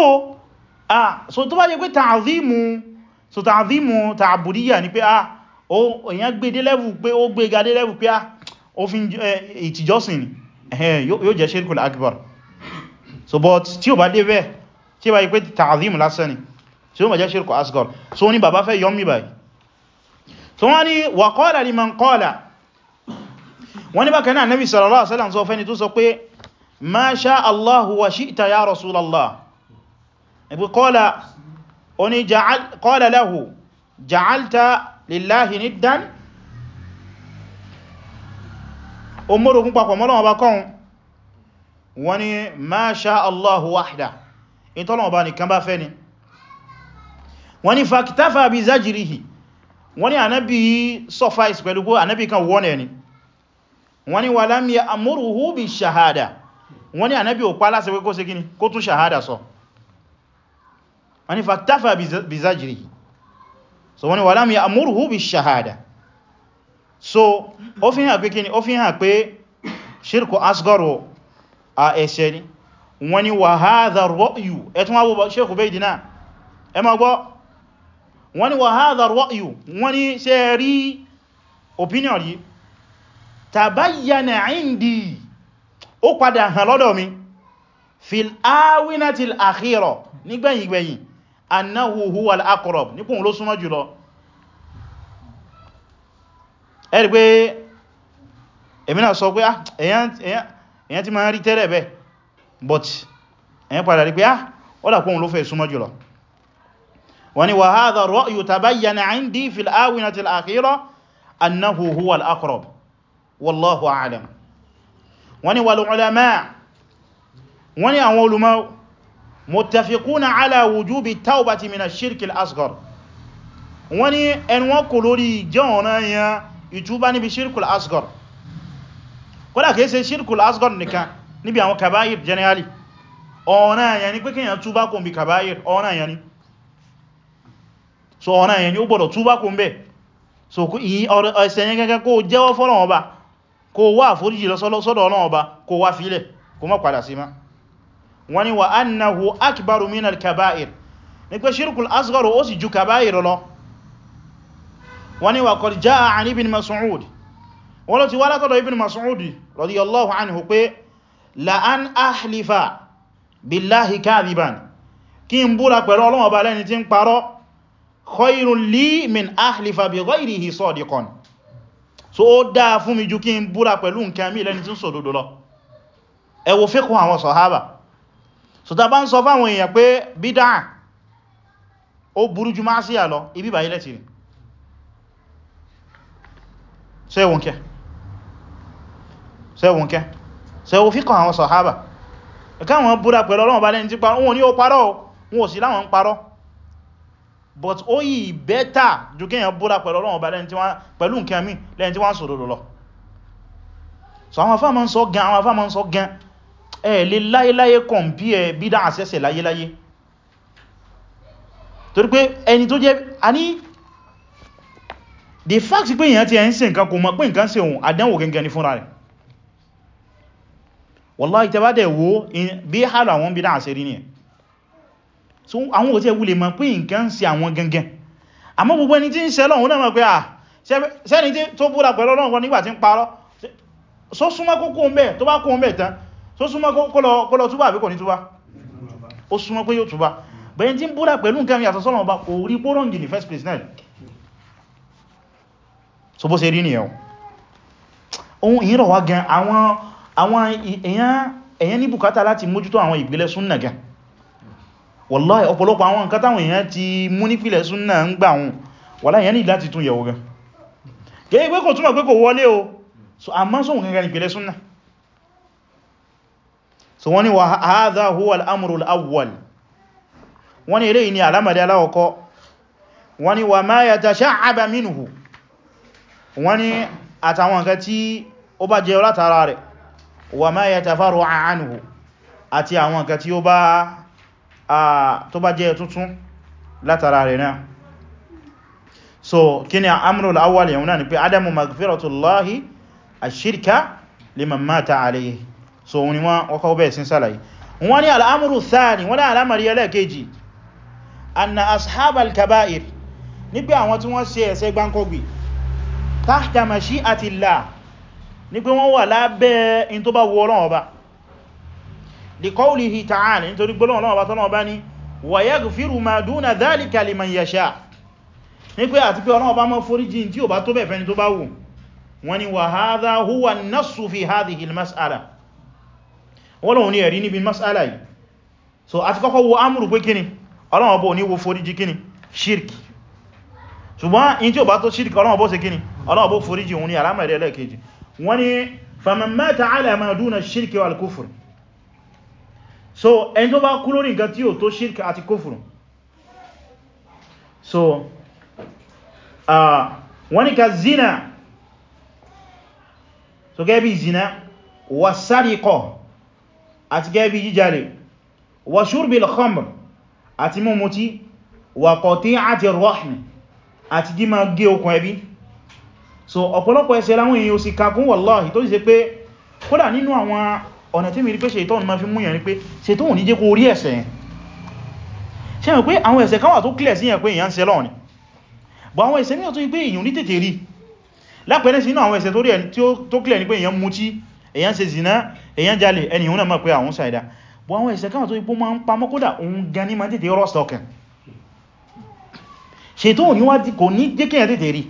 ah so tó bá jẹ́ pé ta'dhimu so ta'dhimu ta'budiyya ni pé ah èyàn gbé dé lẹ́bù pé ó gbé ga dé lẹ́bù pé ah, ó fi eh, ìtìjọ́sìn yóò jẹ́ shirkul akbar so but tí ó bá dé bẹ́ẹ̀ tí ó bá yí pé ta'zim lásán ni tí ó ma jẹ́ shirkul asghar so ní bàbá fẹ́ yọ́mí báyìí so wọ́n ni wa qala liman qala wọ́n ni bákanáà nabi sallallahu lillahi niddan o mọ́rọ̀gún papọ̀ mọ́lọ́wọ́ bá kọ́un wọ́n ni ma sha Allahu wahda in tọ́lọ̀wọ́ bá nìkan bá fẹ́ ni wọ́n ni faktafa bi zajirihi wọ́n ni anábi suffice pẹ̀lú kó anábi kan wọ́n ẹni wọ́n ni walam ya amurhu bi shahada wọ́n ni anábi ò pálá kó tún shahada sọ wọ́n ni faktafa bi zajirihi so wọ́n ni walam ya'murhu bi shahada so ó fi hàn pé kíni ó fi hàn pé shirku asgaru a ẹ̀ṣẹ̀ ni wọ́n ni wa hadha ar-ra'yu ẹ̀tún wọ́n bọ̀ Sheikh Ubaydina ẹ ma gbọ́ wọ́n ni wa hadha ar-ra'yu wọ́n ni ṣe rí opinion yìí tabayyana indi ó padà hàn lọ́dọ̀ mi fil awinatil akhira nígbẹ̀yìn gbẹ̀yìn annahu huwa al-aqrab ní kóhun ló súnmọ́ jùlọ ẹ̀rì pé èmi náà sọ pé èyàn tí ma ń rí tẹ́rẹ̀ bẹ́ but èyàn padà rí pé á ah, ọ́dà kóhun ló fẹ́ súnmọ́ jùlọ wọ́n ni wa hadha ar-ra'yu tabayyana 'indi fil āwinati al-akhīrah annahu huwa al-aqrab wallahu a'lam wọ́n wal-'ulamā' wọ́n ni àwọn muttafiquna ala wujubi taubati mina shirkil asghar wọ́n ní ẹnu wọn kò lórí jẹ́ ọ̀nà yẹn ìtúbá níbi shirkul asghar kódà kìí ṣe shirkul asghar nìkan níbi àwọn kabáyìr generally ọ̀nà yẹn ni pé kíyàn túbá kò bí kabáyìr ọ̀nà yẹn ni so ọ̀nà yẹn ni ó gbọ́dọ̀ túbá kò bẹ́ so ẹ̀ṣẹ̀ yẹn gẹ́gẹ́ kó jẹ́wọ́ fọ́lọ́wọ́ fílẹ̀ kó má padà sí máa wọ́n ni wa annahu akbaru min al-kaba'ir ní pé shirkul asghar ó sì ju kaba'ir lọ wọ́n ni wa qad jaa an ibn mas'ud wọ́n ló ti wá látọ̀dọ̀ ibn mas'ud radiyallahu anhu pé la an ahlifa billahi kadhiban kí n búra pẹ̀lú Ọlọ́run Ọba lẹ́ni tí ń parọ́ khayrun li min ahlifa bi ghayrihi sadiqan so ó dáa fún mi ju kí n búra pẹ̀lú nǹkan lẹ́ni tí ń sọ òdodo lọ ẹ wo àwọn sàhábà so ta bá ń sọ fáwọn èèyàn pé bídá ó burú jù máa sí àlọ ibi bàyí lẹ́tì ni sẹ́wọ̀nkẹ́ sẹ́wọ̀nkẹ́ sẹ́wọ̀ fíkọ̀ àwọn sàhábà ẹ̀káwọn búra pẹ̀lú Ọlọ́run bá lẹ́ni tí parọ́ wọn ni ó parọ́ wọn ò sí láwọn parọ́ but ó yìí bẹ́ta jù kíyàn búra pẹ̀lú Ọlọ́run bá pẹ̀lú nǹkan mí lẹ́ni tí wọ́n sọ̀rọ̀ lọ so àwọn ẹ lè láyéláyé kàn bí ẹ bídá àṣẹ́sẹ̀ láyéláyé torí pé ẹni tó jẹ́ a ní the fact pé èyàn ti ẹ̀ ń ṣe nǹkan kò mọ̀ pé nǹkan ṣe òun àdánwò gẹ́gẹ́ ní fúnra rẹ̀ wallahi tẹ́ bá dẹ̀ wo bí hálà àwọn bídá àṣẹ rí nìyẹn so àwọn òtí ẹwú lè mọ̀ pé nǹkan ṣe àwọn gẹ́gẹ́ àmọ́ gbogbo ẹni tí ń ṣe lọ́wọ́ náà mọ̀ pé à sẹ́ni tó búra pẹ̀lú Ọlọ́run nígbà tí ń parọ́ so súnmọ́ kókó ń bẹ̀ tó bá kó ń bẹ̀ tán so súnmọ́ kọ́lọ̀ túbá àbí kò ní túbá ó súnmọ́ pé yóò túbá bẹ̀yìn tí ń búra pẹ̀lú nǹkan yàtọ̀ sọ́lọ̀ ọba kò rí pọ́rọ̀ǹgì ní first place náà so bó ṣe rí nìyẹn ohun ìyìnrọ̀ wá gan àwọn èèyàn ní bùkátà láti mójútó àwọn ìpìlẹ̀ súnnà gan wallahi ọ̀pọ̀lọpọ̀ àwọn nǹkan táwọn èèyàn ti mú nípìlẹ̀ súnnà ń gbà wọn wallahi èèyàn ní láti tún yẹ̀wò gan gẹ́gbẹ́ kò túnmọ̀ pé kò wọlé o so àmọ́ sóhun gangan ìpìlẹ̀ súnnà so wọ́n ni wa hadha huwa al-amru al-awwal wọ́n ni eléyìí ni alamadi aláwọ̀kọ́ wọ́n ni wa ma yatasha'aba minhu wọ́n ni àtàwọn nǹkan tí ó bá jẹ látara rẹ̀ wa ma yatafarra'a anhu àti àwọn nǹkan tí ó bá tó bá jẹ tuntun látara rẹ̀ náà so kí ni amru awwal yawon náà ni pé adamu magfiratullahi ashirka liman mata alayhi so wọ́n ni wọ́n kọ́ bẹ̀ẹ̀ sí sálàyé wọ́n ni al'amuru thani wọ́n ni al'amari ẹlẹ́kejì anna ashabal kaba'ir ní pé àwọn tí wọ́n ṣe ẹ̀ṣẹ̀ gbáǹkọ́gbì tahta mashi'atillah ní pé wọ́n wà lábẹ́ in tó bá wọ Ọlọ́run wọ́n ni wa huwa an fi hadhihi al wọ́n lọ́wọ́ ní ẹ̀rí níbi masala yìí so àti kọ́kọ́ wo amúrù pé kíni ọlọ́wọ́ bó ní wo foríjì kíni shirk ṣùgbọ́n in tí ó bá tó shirk ọlọ́wọ́ bó ṣe kíni ọlọ́wọ́ bó foríjì òun ni alámà ẹ̀rẹ́ so ẹni tó bá kú lórí nǹkan so wọ́n ni so gẹ́bí zina wa àti gẹ́ bí jíjalè wa shurbil khamr àti mú mutí wa qati'ati rahmi àti gí ma gé okùn ẹbí so ọ̀pọ̀lọpọ̀ ẹsẹ̀ láwọn èèyàn ò sì kakún wallahi tó sì ṣe pé kódà nínú àwọn ọ̀nà tí mi rí pé ṣe ìtọ́nù ma fi múyàn ní pé ṣe tó ní jẹ́ kó rí ẹsẹ̀ yẹn ṣe mọ̀ pé àwọn ẹsẹ̀ kan wà tó clear sí yẹn pé èèyàn ń ṣe lọ́wọ́ ni bọ̀ àwọn ẹsẹ̀ mìíràn tó ní pé èèyàn ní tètè rí lápẹẹrẹ inú àwọn ẹsẹ̀ tó rí ẹni pé èèyàn mutí èèyàn ṣe zina èyàn jalè ẹni ìhun náà mọ̀ pé àwọn ṣàìdá bọ́ àwọn ẹ̀ṣẹ̀ káwọn tó ipò máa ń pamọ́ kódà òun gan ní máa tètè rọ́ stọ̀kẹ̀ ṣètò òníwájí kò ní jẹ́ kíyàn tètè rí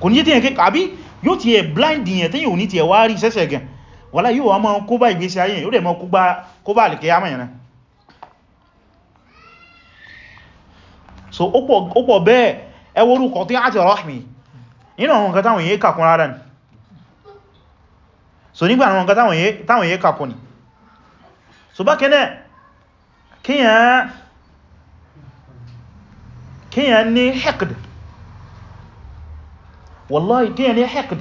kò ní jẹ́ tíyàn kéka àbí yóò ti ẹ̀ blind yẹn tí yóò ti ẹ̀ wá rí sẹ́sẹ̀ gan wọ́lá yóò wá máa kó bá ìgbésí ayé so ó pọ̀ bẹ́ẹ̀ ẹwọ́rú kọ̀ tí á ti rọ́hìmì nínú àwọn so nígbà àwọn nǹkan táwọn yẹ kàkùn ní so bá kẹ́nẹ̀ kíyàn ní hekd wallahi kíyàn ní hekd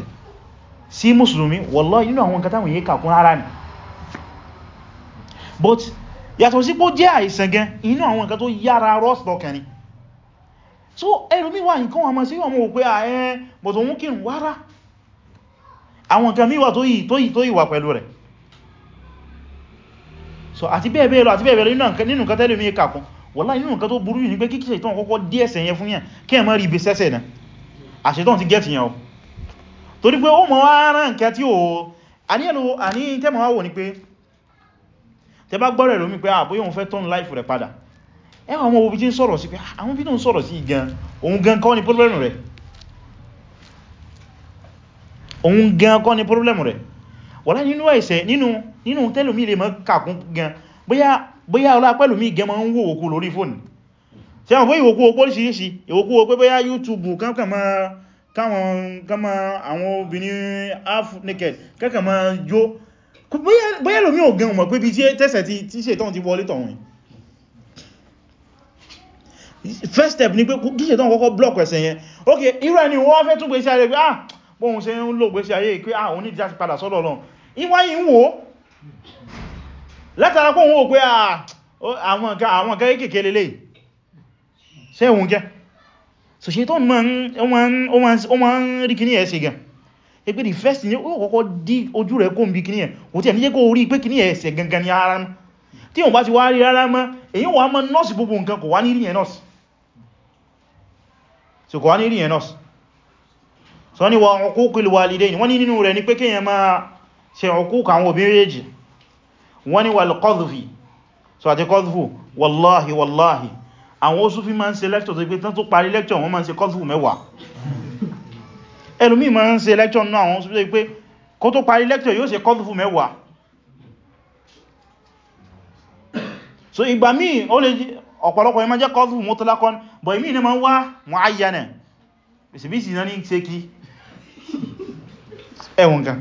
sí musulmi wallahi nínú àwọn nǹkan táwọn yẹ kàkùn ara ní but yàtọ̀ sí pó jẹ́ àìsàn gan inú àwọn nǹkan tó yára rọ́stọ̀kẹ̀ so ẹlòmíì wà nǹkan wọn ma sí ọmọ òpé ààrẹ ah, bọ̀tọ̀ mú kí n wára àwọn nǹkan míwà tó ìwà pẹ̀lú rẹ̀ so àti bẹ́ẹ̀ bẹ́ẹ̀ lọ àti bẹ́ẹ̀ bẹ́ẹ̀ lọ nínú nǹkan tẹ́lẹ̀ mi kàkún wallahi nínú nǹkan tó burú yìí ni pé kíkí ṣètọ́n kọ́kọ́ dí ẹ̀ṣẹ̀ yẹn fún yẹn kí ẹ má rí ibi sẹ́sẹ̀ náà àṣetọ́n ti gẹ́ẹ̀tì yẹn o torí pé ó mọ̀ wá rán nǹkan tí ó àníyànlò àní tẹ́mọ̀ wá wò ní pé tẹ bá gbọ́rẹ̀ lómi pé àbóyí òun fẹ́ tọ́nù láìfù rẹ̀ padà ẹwà ọmọ obìnrin sọ̀rọ̀ sí pé àwọn bí náà sọ̀rọ̀ sí gan òun gan kọ́ ni pọ́lọ́rùn rẹ̀ òun gan kọ́ ni problem rẹ̀ wọ́lá nínú ẹ̀ṣẹ̀ nínú tẹ́lùmí lè mọ́ kàkún gan bóyá ọlá pẹ́lùmí gan ma ń wò òkú lórí fóònù tí àwọn fóyí òkú òpó oríṣìíríṣìí òkú òpé bóyá YouTube kama àwọn obìnrin half naked kẹ́kà ma jó bóyá lómi ò gan mọ̀ pé bí tẹ́sẹ̀ tí ṣètọ́n ti wọlé tọ̀wọ̀n first step ni pé kí ṣètọ́n kọ́kọ́ block ẹ̀ṣẹ̀ yẹn ok irú ẹni wọ́n fẹ́ túnbẹ̀ sí àrẹ pé ah, bóhun ṣe ń lò gbésí ayé pé àwọn ah, onídìí láti padà sọ́dọ̀ Ọlọ́run ìwáyí ń wò látara pé òun pé ah, àwọn nǹkan kéèkéé ṣe òun jẹ́ so ṣe tó ma ń rí kìní ẹ̀ ṣe gan pé the first ni ó kọ́kọ́ dí ojú rẹ̀ kó bí kìní ẹ̀ kò tí ẹ̀ níyẹ́ kó rí pé kìní ẹ̀ ṣe gangan ni ara mọ́ tí òun bá ti wá rí rárá mọ́ èyí wà mọ́ nọ́ọ̀sì gbogbo nǹkan kò wá ní rí yẹn nọ́ọ̀sì so ni wa uquqil walidayn wọ́n ní nínú rẹ̀ ni pé kéèyàn máa ṣe uquq àwọn òbí méjì wọ́n ní wal qadhfi so àti qadhfu wallahi wallahi àwọn ó súnfí máa ń ṣe lecture tó pé tán tó parí lecture wọ́n máa ń ṣe qadhfu mẹ́wàá ẹlòmí máa ń ṣe lecture ni máa ń ẹwọ̀n gan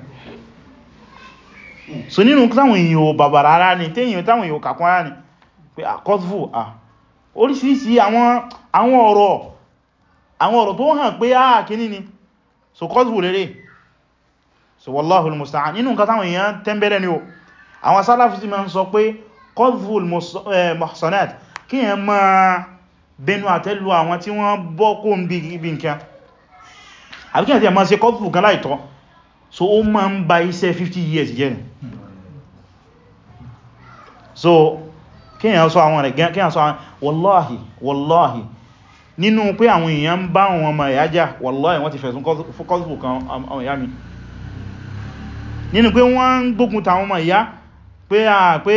so nínú táwọn èèyàn bàbàrà ara ní téèyàn táwọn èèyàn kàkún ara ní pé àkọ́fù à oríṣìíríṣìí àwọn ọ̀rọ̀ àwọn ọ̀rọ̀ tó hàn pé àà kíní ni so kọ́fù lérè so wallahu al-musta'an nínú nǹkan táwọn èèyàn tẹ́m̀bẹ̀rẹ̀ ni o àwọn sálàfù sí ma ń sọ pé kọ́fù al-muhsanat kí èèyàn máa bẹnu àtẹ́lù àwọn tí àbí kíyàn tí a máa ṣe kọ́fù kan láìtọ́ so ó máa ń ba iṣẹ́ 50 years jẹ́ so kíyàn sọ àwọn rẹ̀ kíyàn sọ àwọn wallahi wallahi nínú pé àwọn èèyàn ń bá àwọn ọmọ ìyá jà wallahi wọ́n ti fẹ̀sùn kọ́fù kan àwọn ìyá mi nínú pé wọ́n ń gbógun tàwọn ọmọ ìyá pé à pé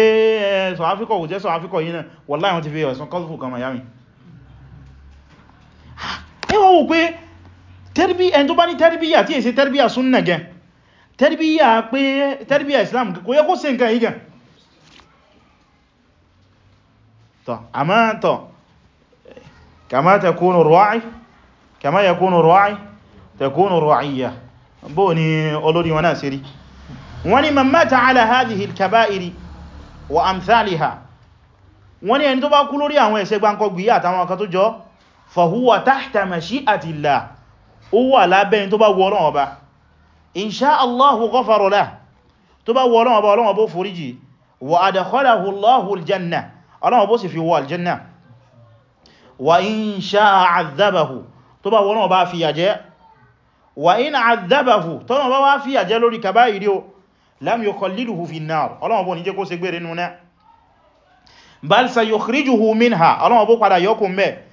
South Africa kò jẹ́ South Africa yìí náà wallahi wọ́n ti fi ẹ̀sùn kọ́fù kan ọmọ ìyá mi ah, ẹwọ́n tẹ́rbí ẹni tó bá ní tẹ́rbíyà tí èsẹ tẹ́rbíyà súnnà gẹn tẹ́rbíyà pé tẹ́rbíyà islam kò yẹ kó ṣe nǹkan yìí gẹn tọ́ àmá tọ́ kama takunu ruwa'i kama yakunu ruwa'i takunu ruwa'iyya bó ni olórí wọn náà sí rí wọ́n ni man mata ala hadhihi kabairi wa amthaliha wọ́n ni ẹni tó bá kú lórí àwọn ẹ̀ṣẹ̀ àtàwọn ọ̀kan tó tahta mashi'atillah ó wà lábẹ́ ẹni tó bá wọ Ọlọ́run Ọba inṣá Allahu ghafara lah tó bá wọ Ọlọ́run Ọba Ọlọ́run Ọba ó foríjì wa adkhalahu Allahu aljanna Ọlọ́run Ọba sì fi wọ aljanna bal sayukhrijuhu minha Ọlọ́run Ọba padà yọkùn bẹ́ẹ̀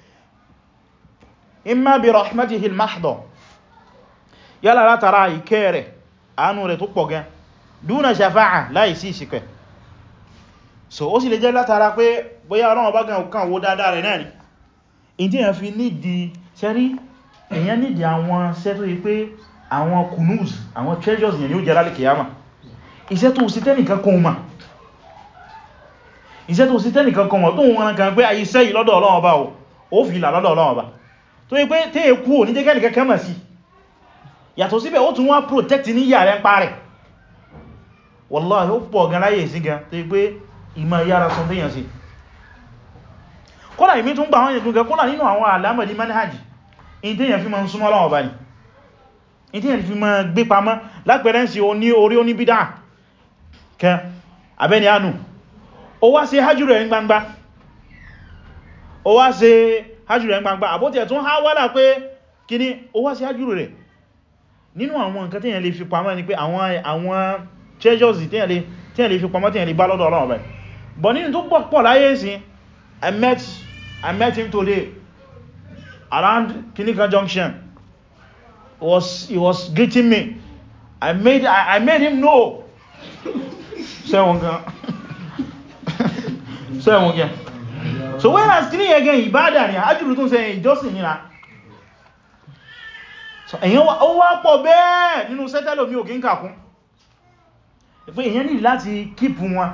imma bi rahmatihi al-mahdha yálà látara ìkẹ́ rẹ̀ àánú rẹ̀ tó pọ̀ gan dúnà shafa'a láìsí ìṣìpẹ̀ so ó sì lè jẹ́ látara pé bóyá ọ̀rọ̀ ọba gan kan wo dáadáa rẹ̀ náà ni ìdí èyàn fi nídi sẹ́rí èyàn nídi àwọn iṣẹ́ tó yí pé àwọn kunuz àwọn treasures yẹn ni ó jẹ́ lálẹ́ kìyàmà iṣẹ́ tó sí tẹ́nìkan kan ma iṣẹ́ tó sí tẹ́nìkan kan wọ́n tó wọn kan pé ayé sẹ́yì lọ́dọ̀ Ọlọ́run ọba ó fi là lọ́dọ̀ Ọlọ́run ọba tó yí pé tí è kú ò ní jẹ́gẹ́lì kẹ́kẹ́ mọ̀ sí yàtọ̀ síbẹ̀ ó tún wá protect ní yà rẹ̀ ń parẹ̀ pọ̀ gan láyé sí gan tó yí pé ìmọ̀ yára sọ tó yàn sí Kọ́lá ìmí tún gbà wọ́n yẹ̀gùn nínú àwọn fi ma fi ma gbé pamọ́ hajjù rẹ̀ gbangba àbótí ẹ̀ tún ha wálà pé kí ni ó wá sí hajjù rẹ̀ nínú àwọn nǹkan tí èyàn lè fi pamọ́ ni pé àwọn treasures tí èyàn lè fi pamọ́ tí èyàn lè bá lọ́dọ̀ Ọlọ́run bẹ̀ but nínú tó pọ̀ láyé sí I met I met him today around Kinika Junction was, he was greeting me I made, I, made him know sẹ́wọ̀n (laughs) gan sẹ́wọ̀n (laughs) gan so as whereas kí ní ẹgẹ́ ìbádà ní àjùrù tún sẹ́yìn ìjọsìn nira so èyàn ó wá pọ̀ bẹ́ẹ̀ nínú sẹ́tẹ́lò mí òkín kàkún pé èyàn ní láti kíìpù wọn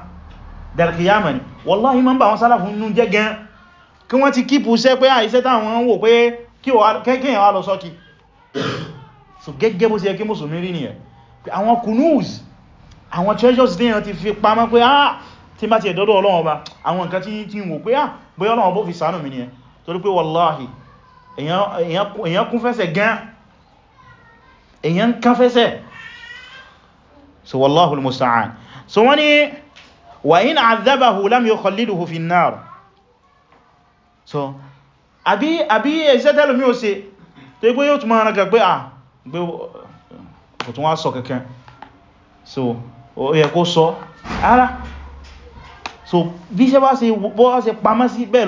dàrkìyàmà ni wallahi ma ń bà wọn sálà fún inú jẹ́ gan kí wọ́n ti kíìpù sẹ́ pé àìsẹ́ táwọn wò pé kéèyàn wá lọ sọ́kì so gẹ́gẹ́ bó ṣe yẹ kí mùsùlùmí rí nìyẹn àwọn kunuz àwọn treasures ní èyàn ti fi pamọ́ pé ah tí má ti ẹ̀dọ́dọ̀ Ọlọ́run Ọba àwọn nǹkan tí ń wò pé à ah, bóyá Ọlọ́run bó fi ṣàánú mi nìyẹn torí pé wallahi èyàn kún fẹ́sẹ̀ gan èyàn kán fẹ́sẹ̀ so wallahu al-musta'an so wọ́n ni wa in 'adhabahu lam yukhalliduhu fi an-nar so àbí àbí ẹ̀ṣẹ́ tẹ́lù mí ó ṣe tó igbó yóò túnmọ̀ ara gbé à gbé òtún wá sọ kẹ́kẹ́ so ó yẹ kó sọ ara so bí iṣẹ́ bá ṣe bọ́ ṣe pamọ́ sí bẹ́ẹ̀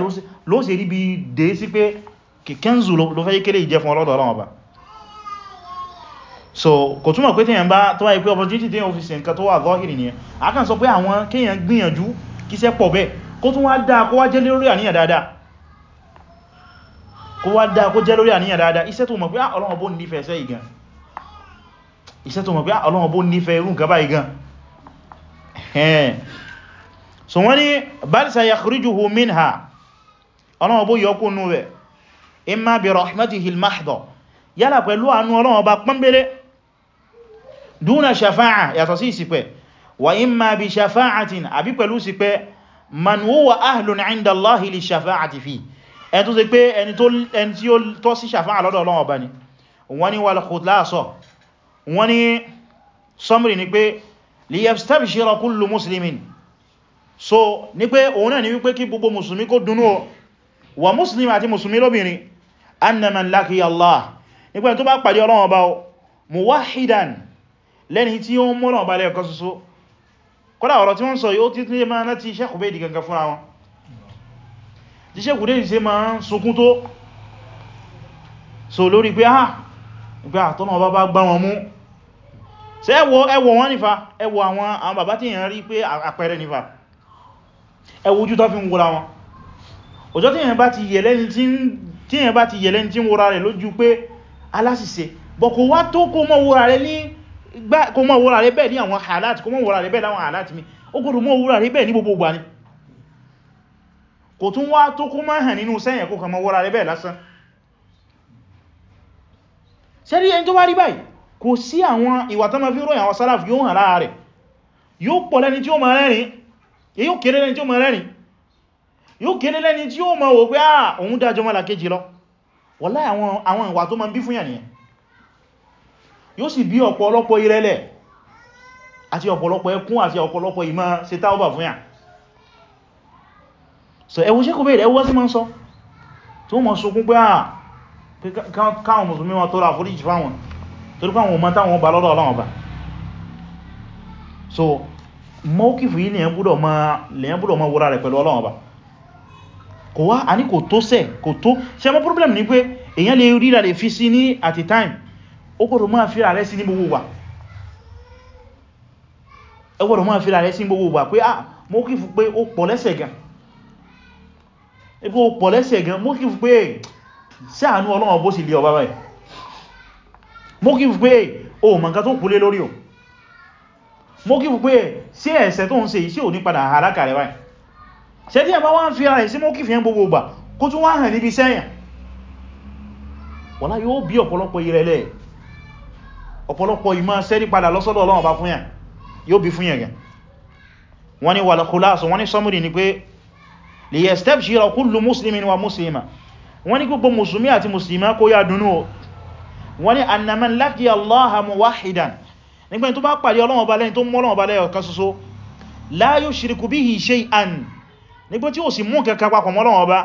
ló ṣe rí bí dé sí pé kẹkẹ́ǹzù ló fẹ́ kéré ìjẹ fún ọlọ́dọ̀ ọlọ́wọ́ bá so kò túnmọ̀ pé tíyàn bá tó wáyé pé opportunity tíyàn ó fi ṣe nǹkan tó wà zọ́hìrì nìyẹn a kàn sọ pé àwọn kíyàn gbìyànjú kíṣẹ́ pọ̀ bẹ́ẹ̀ kó tún wá dáa kó wá jẹ́ lórí àníyàn dáadáa kó wá dáa kó jẹ́ lórí àníyàn dáadáa iṣẹ́ tó mọ̀ pé ah, Ọlọ́run bó nífẹ̀ẹ́ sẹ́ ìgan iṣẹ́ tó mọ̀ pé ah, Ọlọ́run bó nífẹ̀ẹ́ irú nǹkan báyìí gan so wọ́n ní bal sayakhrijuhu minha ọlọ́wọ́ bó yọkú nú rẹ̀ imma bi rahmatihi al-mahdha yálà pẹ̀lú àánú ọlọ́wọ́ bá pọ́nbélé dúnà shafa'a yàtọ̀ sí ìsìpẹ̀ wa imma bi shafa'atin àbí pẹ̀lú ìsìpẹ̀ man huwa ahlun 'inda Allahi li shafa'ati fi ẹni tó ṣe pé ẹni tí ó tọ́ sí shafa'a lọ́dọ̀ ọlọ́wọ́ bá ni wọ́n ní wal khulasa wọ́n ní summary ni pé li yastabshira kullu muslimin so ní pé òun náà ni wípé kí gbogbo musulmi kó dúnú o wà muslim àti musulmi lóbìnrin annaman laki Allah ní pé tó bá pàdé Ọlọ́run Ọba o muwahidan lẹ́ni tí ó ń mú Ọlọ́run Ọba lẹ́ẹ̀kan ṣoṣo kódà ọ̀rọ̀ tí wọ́n sọ yóò títí lè máa láti Sheikh Ubaydi gangan fúnra wọn tí Sheikh Ubaydi ṣe máa ń sunkún tó so lórí pé ha ìgbà àtọ́nà ọba bá gbá wọn mú ṣé ẹwọ ẹwọ wọn nífà ẹwọ àwọn bàbá tí èèyàn rí pé àpẹẹrẹ nífà ẹwùjú tó fi ń wúra wọn ọjọ́ tí èyàn bá ti yẹ̀lẹ́ni tí ń wúra rẹ̀ lójú pé aláṣìṣe bọ̀ kò wá tó kó mọ́ wúra rẹ̀ bẹ́ẹ̀ ní àwọn àláàtì kó mọ́ wúra rẹ̀ bẹ́ẹ̀ láwọn àláàtì mi ó kò mọ́ wúra rẹ̀ bẹ́ẹ̀ ní gbogbo gbà ní kò tún wá tó kó mọ́ hàn nínú sẹ́yìn kó kàn mọ́ wúra rẹ̀ bẹ́ẹ̀ lásán sẹ́rí ẹni tó bá rí báyìí kò sí àwọn ìwà tó ma fi ròyìn àwọn sálàf yóò hàn lára rẹ̀ yóò pọ̀ lẹ́ni tí ó ma rẹ́rìn yíò kéré lẹ́ni tí ó mọ̀ rẹ́rin yíò kéré lẹ́ni tí ó mọ̀ wò pé à ah, òun dájọ́ mọ́lá kéjì lọ wallahi àwọn ìwà tó ma ń bí fún yàníyàn yóò sì bí ọ̀pọ̀lọpọ̀ ìrẹ̀lẹ̀ àti ọ̀pọ̀lọpọ̀ ẹkún àti ọ̀pọ̀lọpọ̀ ìmọ̀ ṣe táúbà fún yàn so mọ́kífù yìí lèyàn gbọ́dọ̀ ma wúra rẹ̀ pẹ̀lú Ọlọ́run Ọba kò wá a ní kò tó sẹ́ kò tó ṣe mọ́ problem ní pé èyàn lè rí rẹ̀ fi sí ní at a time ó gbọ́dọ̀ máa fi rẹ̀ sí ní gbogbo wà ó gbọ́dọ̀ máa fi rẹ̀ sí ní gbogbo wà pé ah mọ́kífù pé ó pọ̀ lẹ́sẹ̀ gan ó pọ̀ lẹ́sẹ̀ gan mọ́kífù pé ṣáà ní Ọlọ́run bó sì mo kí pé sí ẹ̀ṣẹ̀ tó ń ṣe ìṣẹ́ òní padà àlákà rẹ̀ báyìí ṣe tí ẹ̀bá wá ń fi ara ìsí mo kí fi yẹn gbogbo ìgbà kó tún wá hàn níbi sẹ́yìn wọ́lá yóò bí ọ̀pọ̀lọpọ̀ ìrẹ̀lẹ̀ ọ̀pọ̀lọpọ̀ ìmọ̀ sẹ́rí padà lọ́sọ́dọ̀ Ọlọ́run bá fún yàn yóò bí fún yẹ̀gẹ̀ wọ́n ni nígbẹ̀ni tó bá pàdé Ọlọ́run Ọba lẹ́yìn tó mú Ọlọ́run Ọba lẹ́yọ̀ kan ṣoṣo la yushriku bihi shay'an nígbẹ́ tí ó sì mú kẹka papọ̀ mọ́ Ọlọ́run Ọba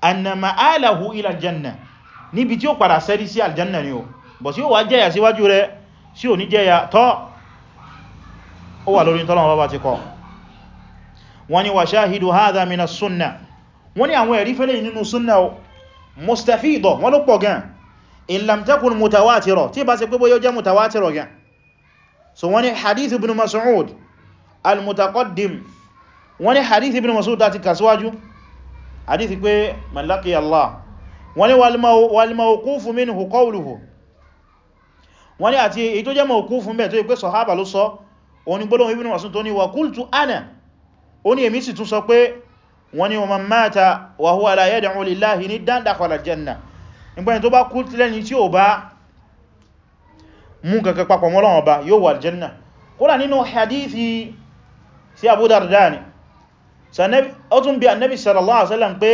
anna ma'alahu ila aljanna níbi tí ó padà sẹ́rí sí aljanna ni ó bọ̀ sí ó wá jẹ́yà síwájú rẹ̀ sí ò ní jẹ́yà tọ́ ó wà lórí tọ́lọ́run Ọba ti kọ wọ́n ni wa mustafido wọ́n ló pọ̀ gan in mutawatirọ̀ tí bá ṣe pé bóyá ó jẹ́ mutawatirọ̀ gan so wọ́n ní hadith ibn mas'ud al-mutaqaddim wọ́n ní hadith ibn mas'ud láti kàsíwájú hadith pé man laqiya Allah wọ́n ní wal mawqufu minhu qawluhu wọ́n ní àti èyí tó jẹ́ mawqufu mẹ́ tó yí pé sọ̀hábà ló sọ oní gbọ́lọ̀ ibn mas'ud tó ní wa qultu ana ó ní èmi sì tún sọ pé wọ́n ní wa man mata wa huwa la yad'u lillahi niddan dakhala al-janna ìgbẹ́ni tó bá kú tilẹ̀ ní tí ò mú kankan papọ̀ mọ́ Ọlọ́run Ọba yóò wà aljanna kódà nínú hadithi sí Abu Darda ni ó tún bi annabi sallallahu alaihi wasallam pé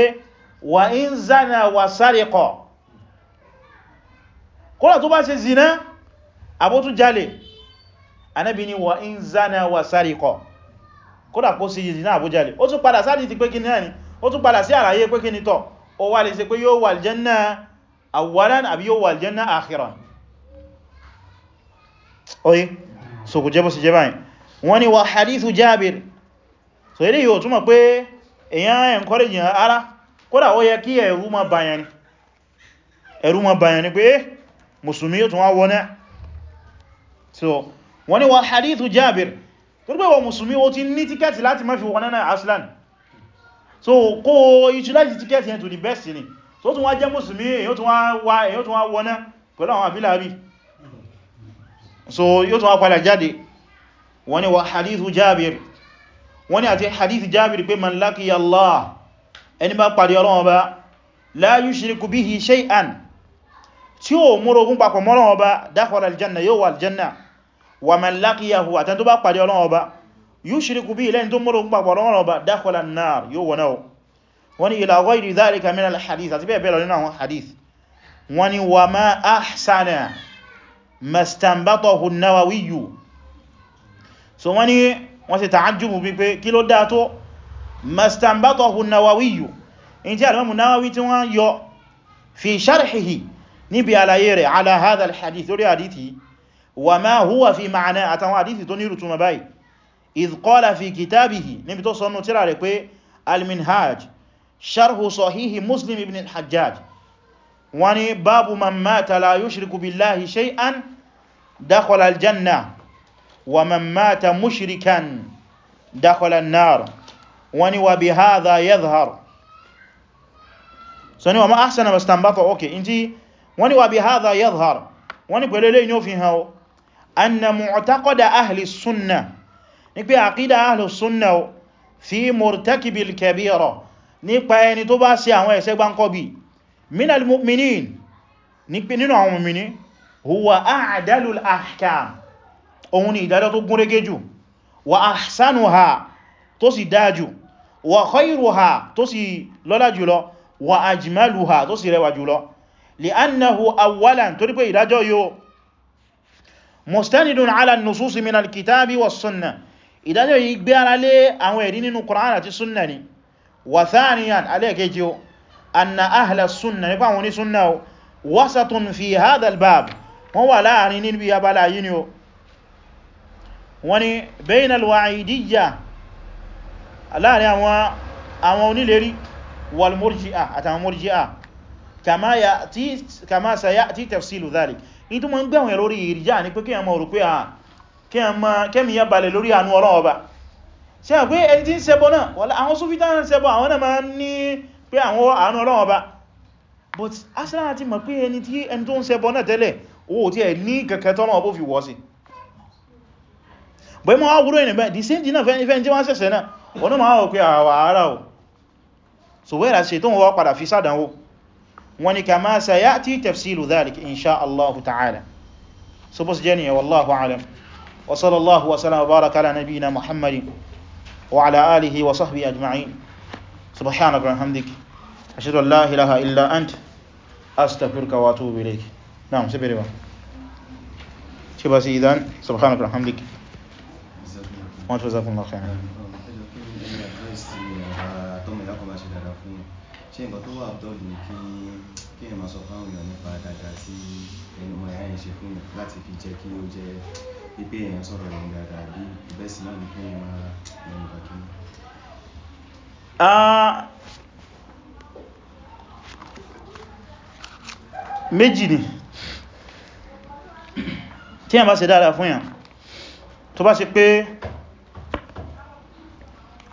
wa in zana wa sariqa kódà tó bá ṣe zina abótú jalè annabi ni wa in zana wa sariqa kódà kó sí zina àbújalè ó tún padà sáàdì ti pé kí ní ó tún padà sí àlàyé pé kí ní tọ́ ó wà lè ṣe pé yóò wà aljanna awwalan àbí yóò wà aljanna akhiran oye so kò jẹ́bọ̀ sí jẹ́ báyìí wọ́n ni wà hadithu Jabir so ilé yóò túnmọ̀ pé èyàn encourage yàn ara kódà ó yẹ kí ẹ̀rù ma bàyàn ni ẹ̀rù ma bàyàn ni pé eh, musulmi yóò tún wá wọ́nà so wọ́n ni wà hadithu Jabir tó pé wọ musulmi ó ti ní tíkẹ́tì láti má fi wọ́nà náà aslan so kó utilize tíkẹ́tì yẹn to the best ni so tún wá jẹ́ musulmi èyàn tún wá wọ́nà pẹ̀lú àwọn àbílàrí so yóò tún wá padà jáde wọ́n ni wa hadithu jabir wọ́n ni àti hadithu jabir pé man laqiya Allah ẹni bá pàdé Ọlọ́run Ọba la yushriku bihi shay'an tí ó múrò ogun papọ̀ mọ́ Ọlọ́run Ọba dakhala aljanna yóò wà aljanna wa man laqiyahu àtẹn tó bá pàdé Ọlọ́run Ọba yushriku bihi lẹ́yìn tó múrò ogun papọ̀ mọ́ mastanbatahu nawawiyu so wọ́n ní wọ́n ṣe tààjùmù wípé kí ló dáa tó mastanbatahu nawawiyu in tí alimamu nawawi tí wọ́n yọ fi sharhihi níbi àlàyé rẹ̀ ala hadha alhadith lórí hadithi wa ma huwa fi ma'ana àtàwọn hadithi tó nírù túnmọ̀ báyìí idh qala fi kitabihi níbi tó sọ́nù tíra rẹ̀ pé alminhaj sharhu sahihi muslim ibn al-hajjaj wọ́n ní babu man mata la yushriku billahi shay'an dakhala aljanna wa man mata mushrikan dakhala an-nar wọ́n ní wa bihadha yadhhar so ni wa ma ahsana mastanbata okay inji wọ́n ní wa bihadha yadhhar wọ́n ní pẹ̀lú eléyìn ó fi hàn ó anna mu'taqada ahli sunna ní pé àkídà ahli sunna fi murtakibil ẹni tó bá ṣe àwọn ẹ̀ṣẹ̀ gbáǹkọ́bí min al-mu'minin nínú àwọn mu'mini huwa a'dalul ahkam òun ni ìdájọ́ tó gúnrégé jù wa ahsanuha tó sì dájú wa khayruha tó sì lọ́lá jùlọ wa ajmaluha tó sì rẹwà jùlọ li'annahu awwalan torí pé ìdájọ́ yóò mustanidun ala nususi min alkitabi wa sunna ìdájọ́ yìí gbé ara lé àwọn ẹ̀rí nínú Qur'an àti sunna ni wa thaniyan alẹ́kẹ́jì anna ahla sunna nípa àwọn onísúnnà o wasatun fi hadha albab wọ́n wà láàrin níbi abala yìí ni o wọ́n ni bayna alwa'idiyya láàrin àwọn àwọn onílérí walmurji'a àtàwọn murji'a kama sayati tafsilu dhalik ní tó ma ń gbẹ̀wọ̀n lórí ìrìjá ní pé kíyàn ma rò pé a kẹ́mì ya balẹ̀ lórí àánú Ọlọ́run ṣe pé ẹni tí ń ṣẹbọ náà wọ́n àwọn ń ṣẹbọ àwọn náà ma ń ní pé àwọn àánú Ọlọ́run ọba but asìlára ti mọ̀ pé ẹni tí ẹni tó ń ṣẹbọ náà tẹ́lẹ̀ owó tí ẹ ní kẹ̀kẹ́ tọ́nà ọbó fi wọ́ sí bọ́ mọ́ wúrò ìrìn bẹ́ẹ̀ di so wẹ́ra ṣe tó wọ́n padà fi sádánwó wọn ni kà máa sàyá tí tafsilu dhalik insha Allah ta'ala so bó sì jẹ́ nìyẹn wallahu alam wa sallallahu wa sallam wa baraka wa ala alihi wa sahbihi ajma'in subhanaka wa hamdika ashhadu an la ilaha illa ant astaghfiruka wa atubu ilayk na'am sai berewa ce ba sai idan subhanaka wa hamdik wa ṣe nǹkan sí ẹnu ọmọ ẹ̀yà ìṣe fún mi láti fi méjì ni tí yàn bá ṣe dáadáa fún yàn tó bá ṣe pé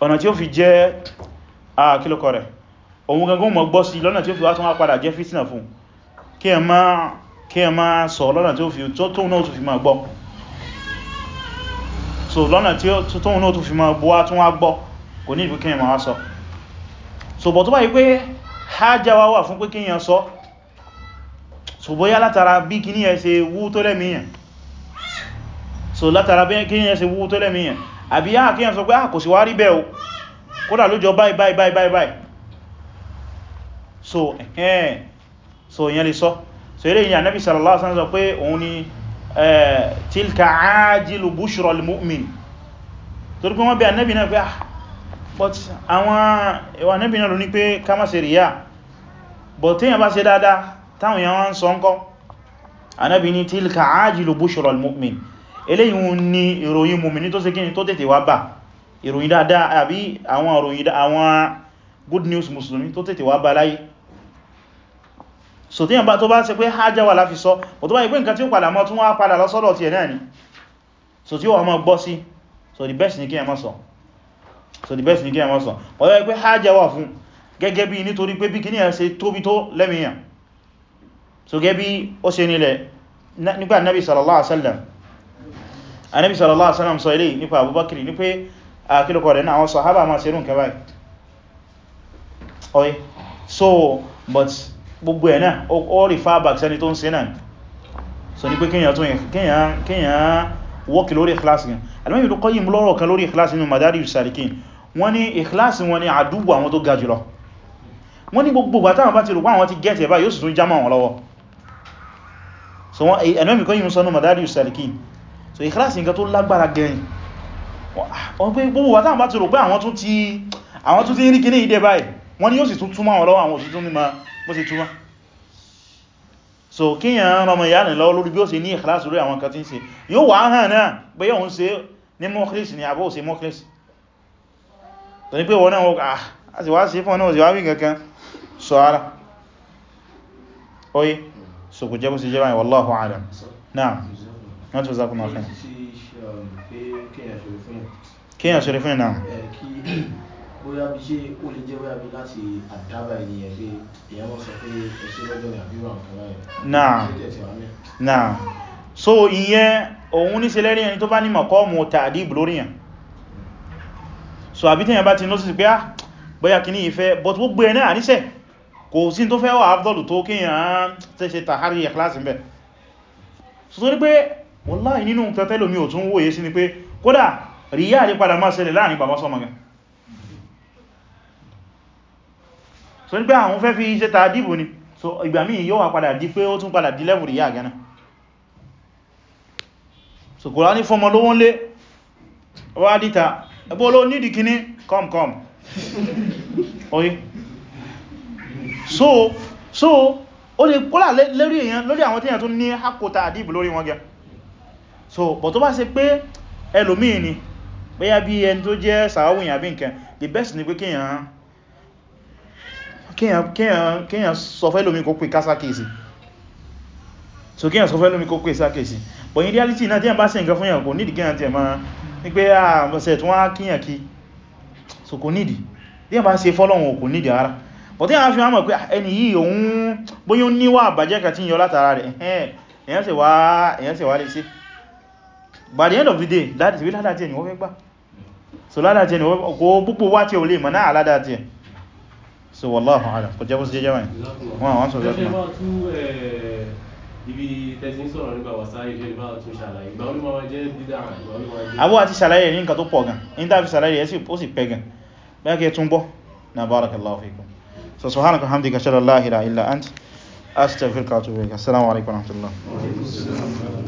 ọ̀nà tí ó fi jẹ́ àkílọ́kọ̀ rẹ̀ ohun gangan mọ̀ gbọ́ sí lọ́nà tí ó fi wá tún wá padà jẹ́ fìtínà fún kí ẹ má kí ẹ má sọ lọ́nà tí ó fi tóhun náà tó fi máa gbọ́ so lọ́nà tí tóhun náà tó fi máa bọ́ so bóyá látara bí kí ní ẹ ṣe wú tó lẹ́mìyàn so látara bí kí ní ẹ ṣe wú tó lẹ́mìyàn àbí yá ah, kí yàn sọ pé ah, kò sí wá rí bẹ́ẹ̀ o kódà lójọ báyìí báyìí báyìí báyìí so ẹ̀hẹ́n so so eré ìyàn Nabi sallallahu alaihi wasallam sọ pé tilka ajilu bushra al-mu'min torí pé wọ́n bí ah, but àwọn ìwà anẹ́bì náà ló but téèyàn bá táwọn èèyàn wọ́n sọ ńkọ́ anábi ní tilka ájìlò bushra al-mu'min eléyìn ni ìròyìn mu'min tó ṣe kíni tó tètè wá bá ìròyìn dáadáa àbí àwọn ìròyìn àwọn good news musulmi tó tètè wá bá láyé so tí yàn bá tó bá ṣe pé hajjá wà láfi sọ ò tó bá yí pé nǹkan tí ó padà mọ́ tún wá padà lọ́sọ́dọ̀ ti ẹ̀ náà ni so tí ó wà mọ́ best ni kí ẹ mọ́ best ni kí ẹ mọ́ sọ ọ̀yọ́ pé hajjá wà fún gẹ́gẹ́ bí nítorí pé bí kí ní ẹ̀ so gẹ́bí ó ṣe nílẹ̀ nípa nabi sallallahu alaihi wasallam anabi sallallahu alaihi wasallam sọ ilé nípa abubakar ní pé a kílùkọ̀ rẹ̀ náà wọ́n sàhábà máa ṣe rún kẹwàá ọ̀yí so but gbogbo ẹ̀ náà ó rí fábàk sẹni tó ń ṣe náà so ní pé kíyàn wọ́kì lórí ikhlasi gan alamẹ́bí ló kọ́yí lọ́rọ̀ kan lórí ikhlasi nínú madari sarikin wọ́n ní ikhlasi wọn ni àdúgbò àwọn tó ga jùlọ wọ́n ní gbogbo bàtà wọn bá ti rò pá àwọn ti gẹ́ẹ̀tì ẹ̀bá yóò sì tún wọn lọ́wọ́ so wọ́n ẹ̀nàmì eh, kan yìí sọ́nà madari salikin so ìkìláàsì nǹkan tó lágbára gẹ̀yìn ọgbẹ́ ah, gbogbo wà táwọn bá ti rò pé àwọn tún ti àwọn tún ti rí kíní ìdẹ báyìí wọ́n ni yóò sì tún túnmọ́ àwọn lọ́wọ́ àwọn òsìtún ní ma bó sì túnmọ́ so kíyàn rọmọ ìyá nìlọ lórí bí ó ṣe ní ìkìláàsì lórí àwọn kan tí ń ṣe yóò wà hàn náà pé yóò ń ṣe ní mọ́kílìs ni àbó ṣe mọ́kílìs tó ní pé wọ́n náà wọ́n ah a sì wá sí fún ọ náà sì wá wí kankan sọ ara oye so kò jẹ́ bó sì jẹ́ báyìí wallahu a'lam náà wọ́n tó zákùn náà fún kíyàn ṣe fún náà náà so ìyẹn òun ní ṣe lẹ́rí ẹni tó bá ní mọ̀kọ́ọ̀mù tàdíb lóríyàn so àbí tẹ́yàn bá ti nósìsì pé á ah, bóyá kì ní ìfẹ́ but gbogbo ẹ̀ náà níṣẹ́ kò sí tó fẹ́ wà afdọ́lù tó kíyàn tẹ́ṣe tàhárí ẹ̀kláàsì mẹ́ so ní pé wallahi nínú tẹ́tẹ́lò mi ò tún wòye sí ni pé kódà ríyà ní padà máa ṣẹlẹ̀ láàrin bàbá sọmọ gan so ní pé àwọn fẹ́ fi ṣe tàdíbò ni so ìgbà míì yóò wà padà di pé ó tún padà di lẹ́wù ríyà gan so kò rá ní fọmọ lówó ń lé wá dìta ẹgbó ló nídìí kíní come come (laughs) oye so so o lè kọ́lá lórí èyàn lórí àwọn tíyàn tó ní hakota àdìbò lórí wọn gẹ so but tó bá ṣe pe, ẹlòmíì ni bóyá bí ẹni tó jẹ́ sàáwùn àbí nǹkan the best ni pé kíyàn kíyàn sọ fẹ́ lómi kó pè kásákèsì so kíyàn sọ fẹ́ lómi kó pè sákèsì but in reality náà tíyàn bá ṣe nǹkan fún yàn kò nídìí kíyàn tíyàn máa ní pé ààbọ̀sẹ̀ ah, tó wá kíyàn kí so kò nídìí tíyàn bá ṣe fọ́lọ́hun kò nídìí ara bọ̀ tí a fi mọ̀ pé ẹni yìí òun bóyí níwà àbàjẹ́ kàtí yọ látara rẹ̀ èyàn sì wá lè sí by the end of the day that is we ládá tí ẹni wọ́n fẹ́ gbá so ládá tí ẹni wọ́n kò púpọ̀ wá tí o lè mọ̀ náà ládá tí ẹ so wallahu a'lam kò jẹ́ bó sí jẹ́ wọ́n wọ́n sọ jẹ́ àbúwà ti ṣàlàyé ní nǹkan tó pọ̀ gan ní tàbí ṣàlàyé ẹ̀ sì pẹ́ gan bẹ́ẹ̀kẹ́ tún bọ́ na barakallahu fikum سبحانك وبحمدك اشهد ان لا اله الا انت استغفرك واتوب اليك السلام عليكم ورحمه الله وعليكم السلام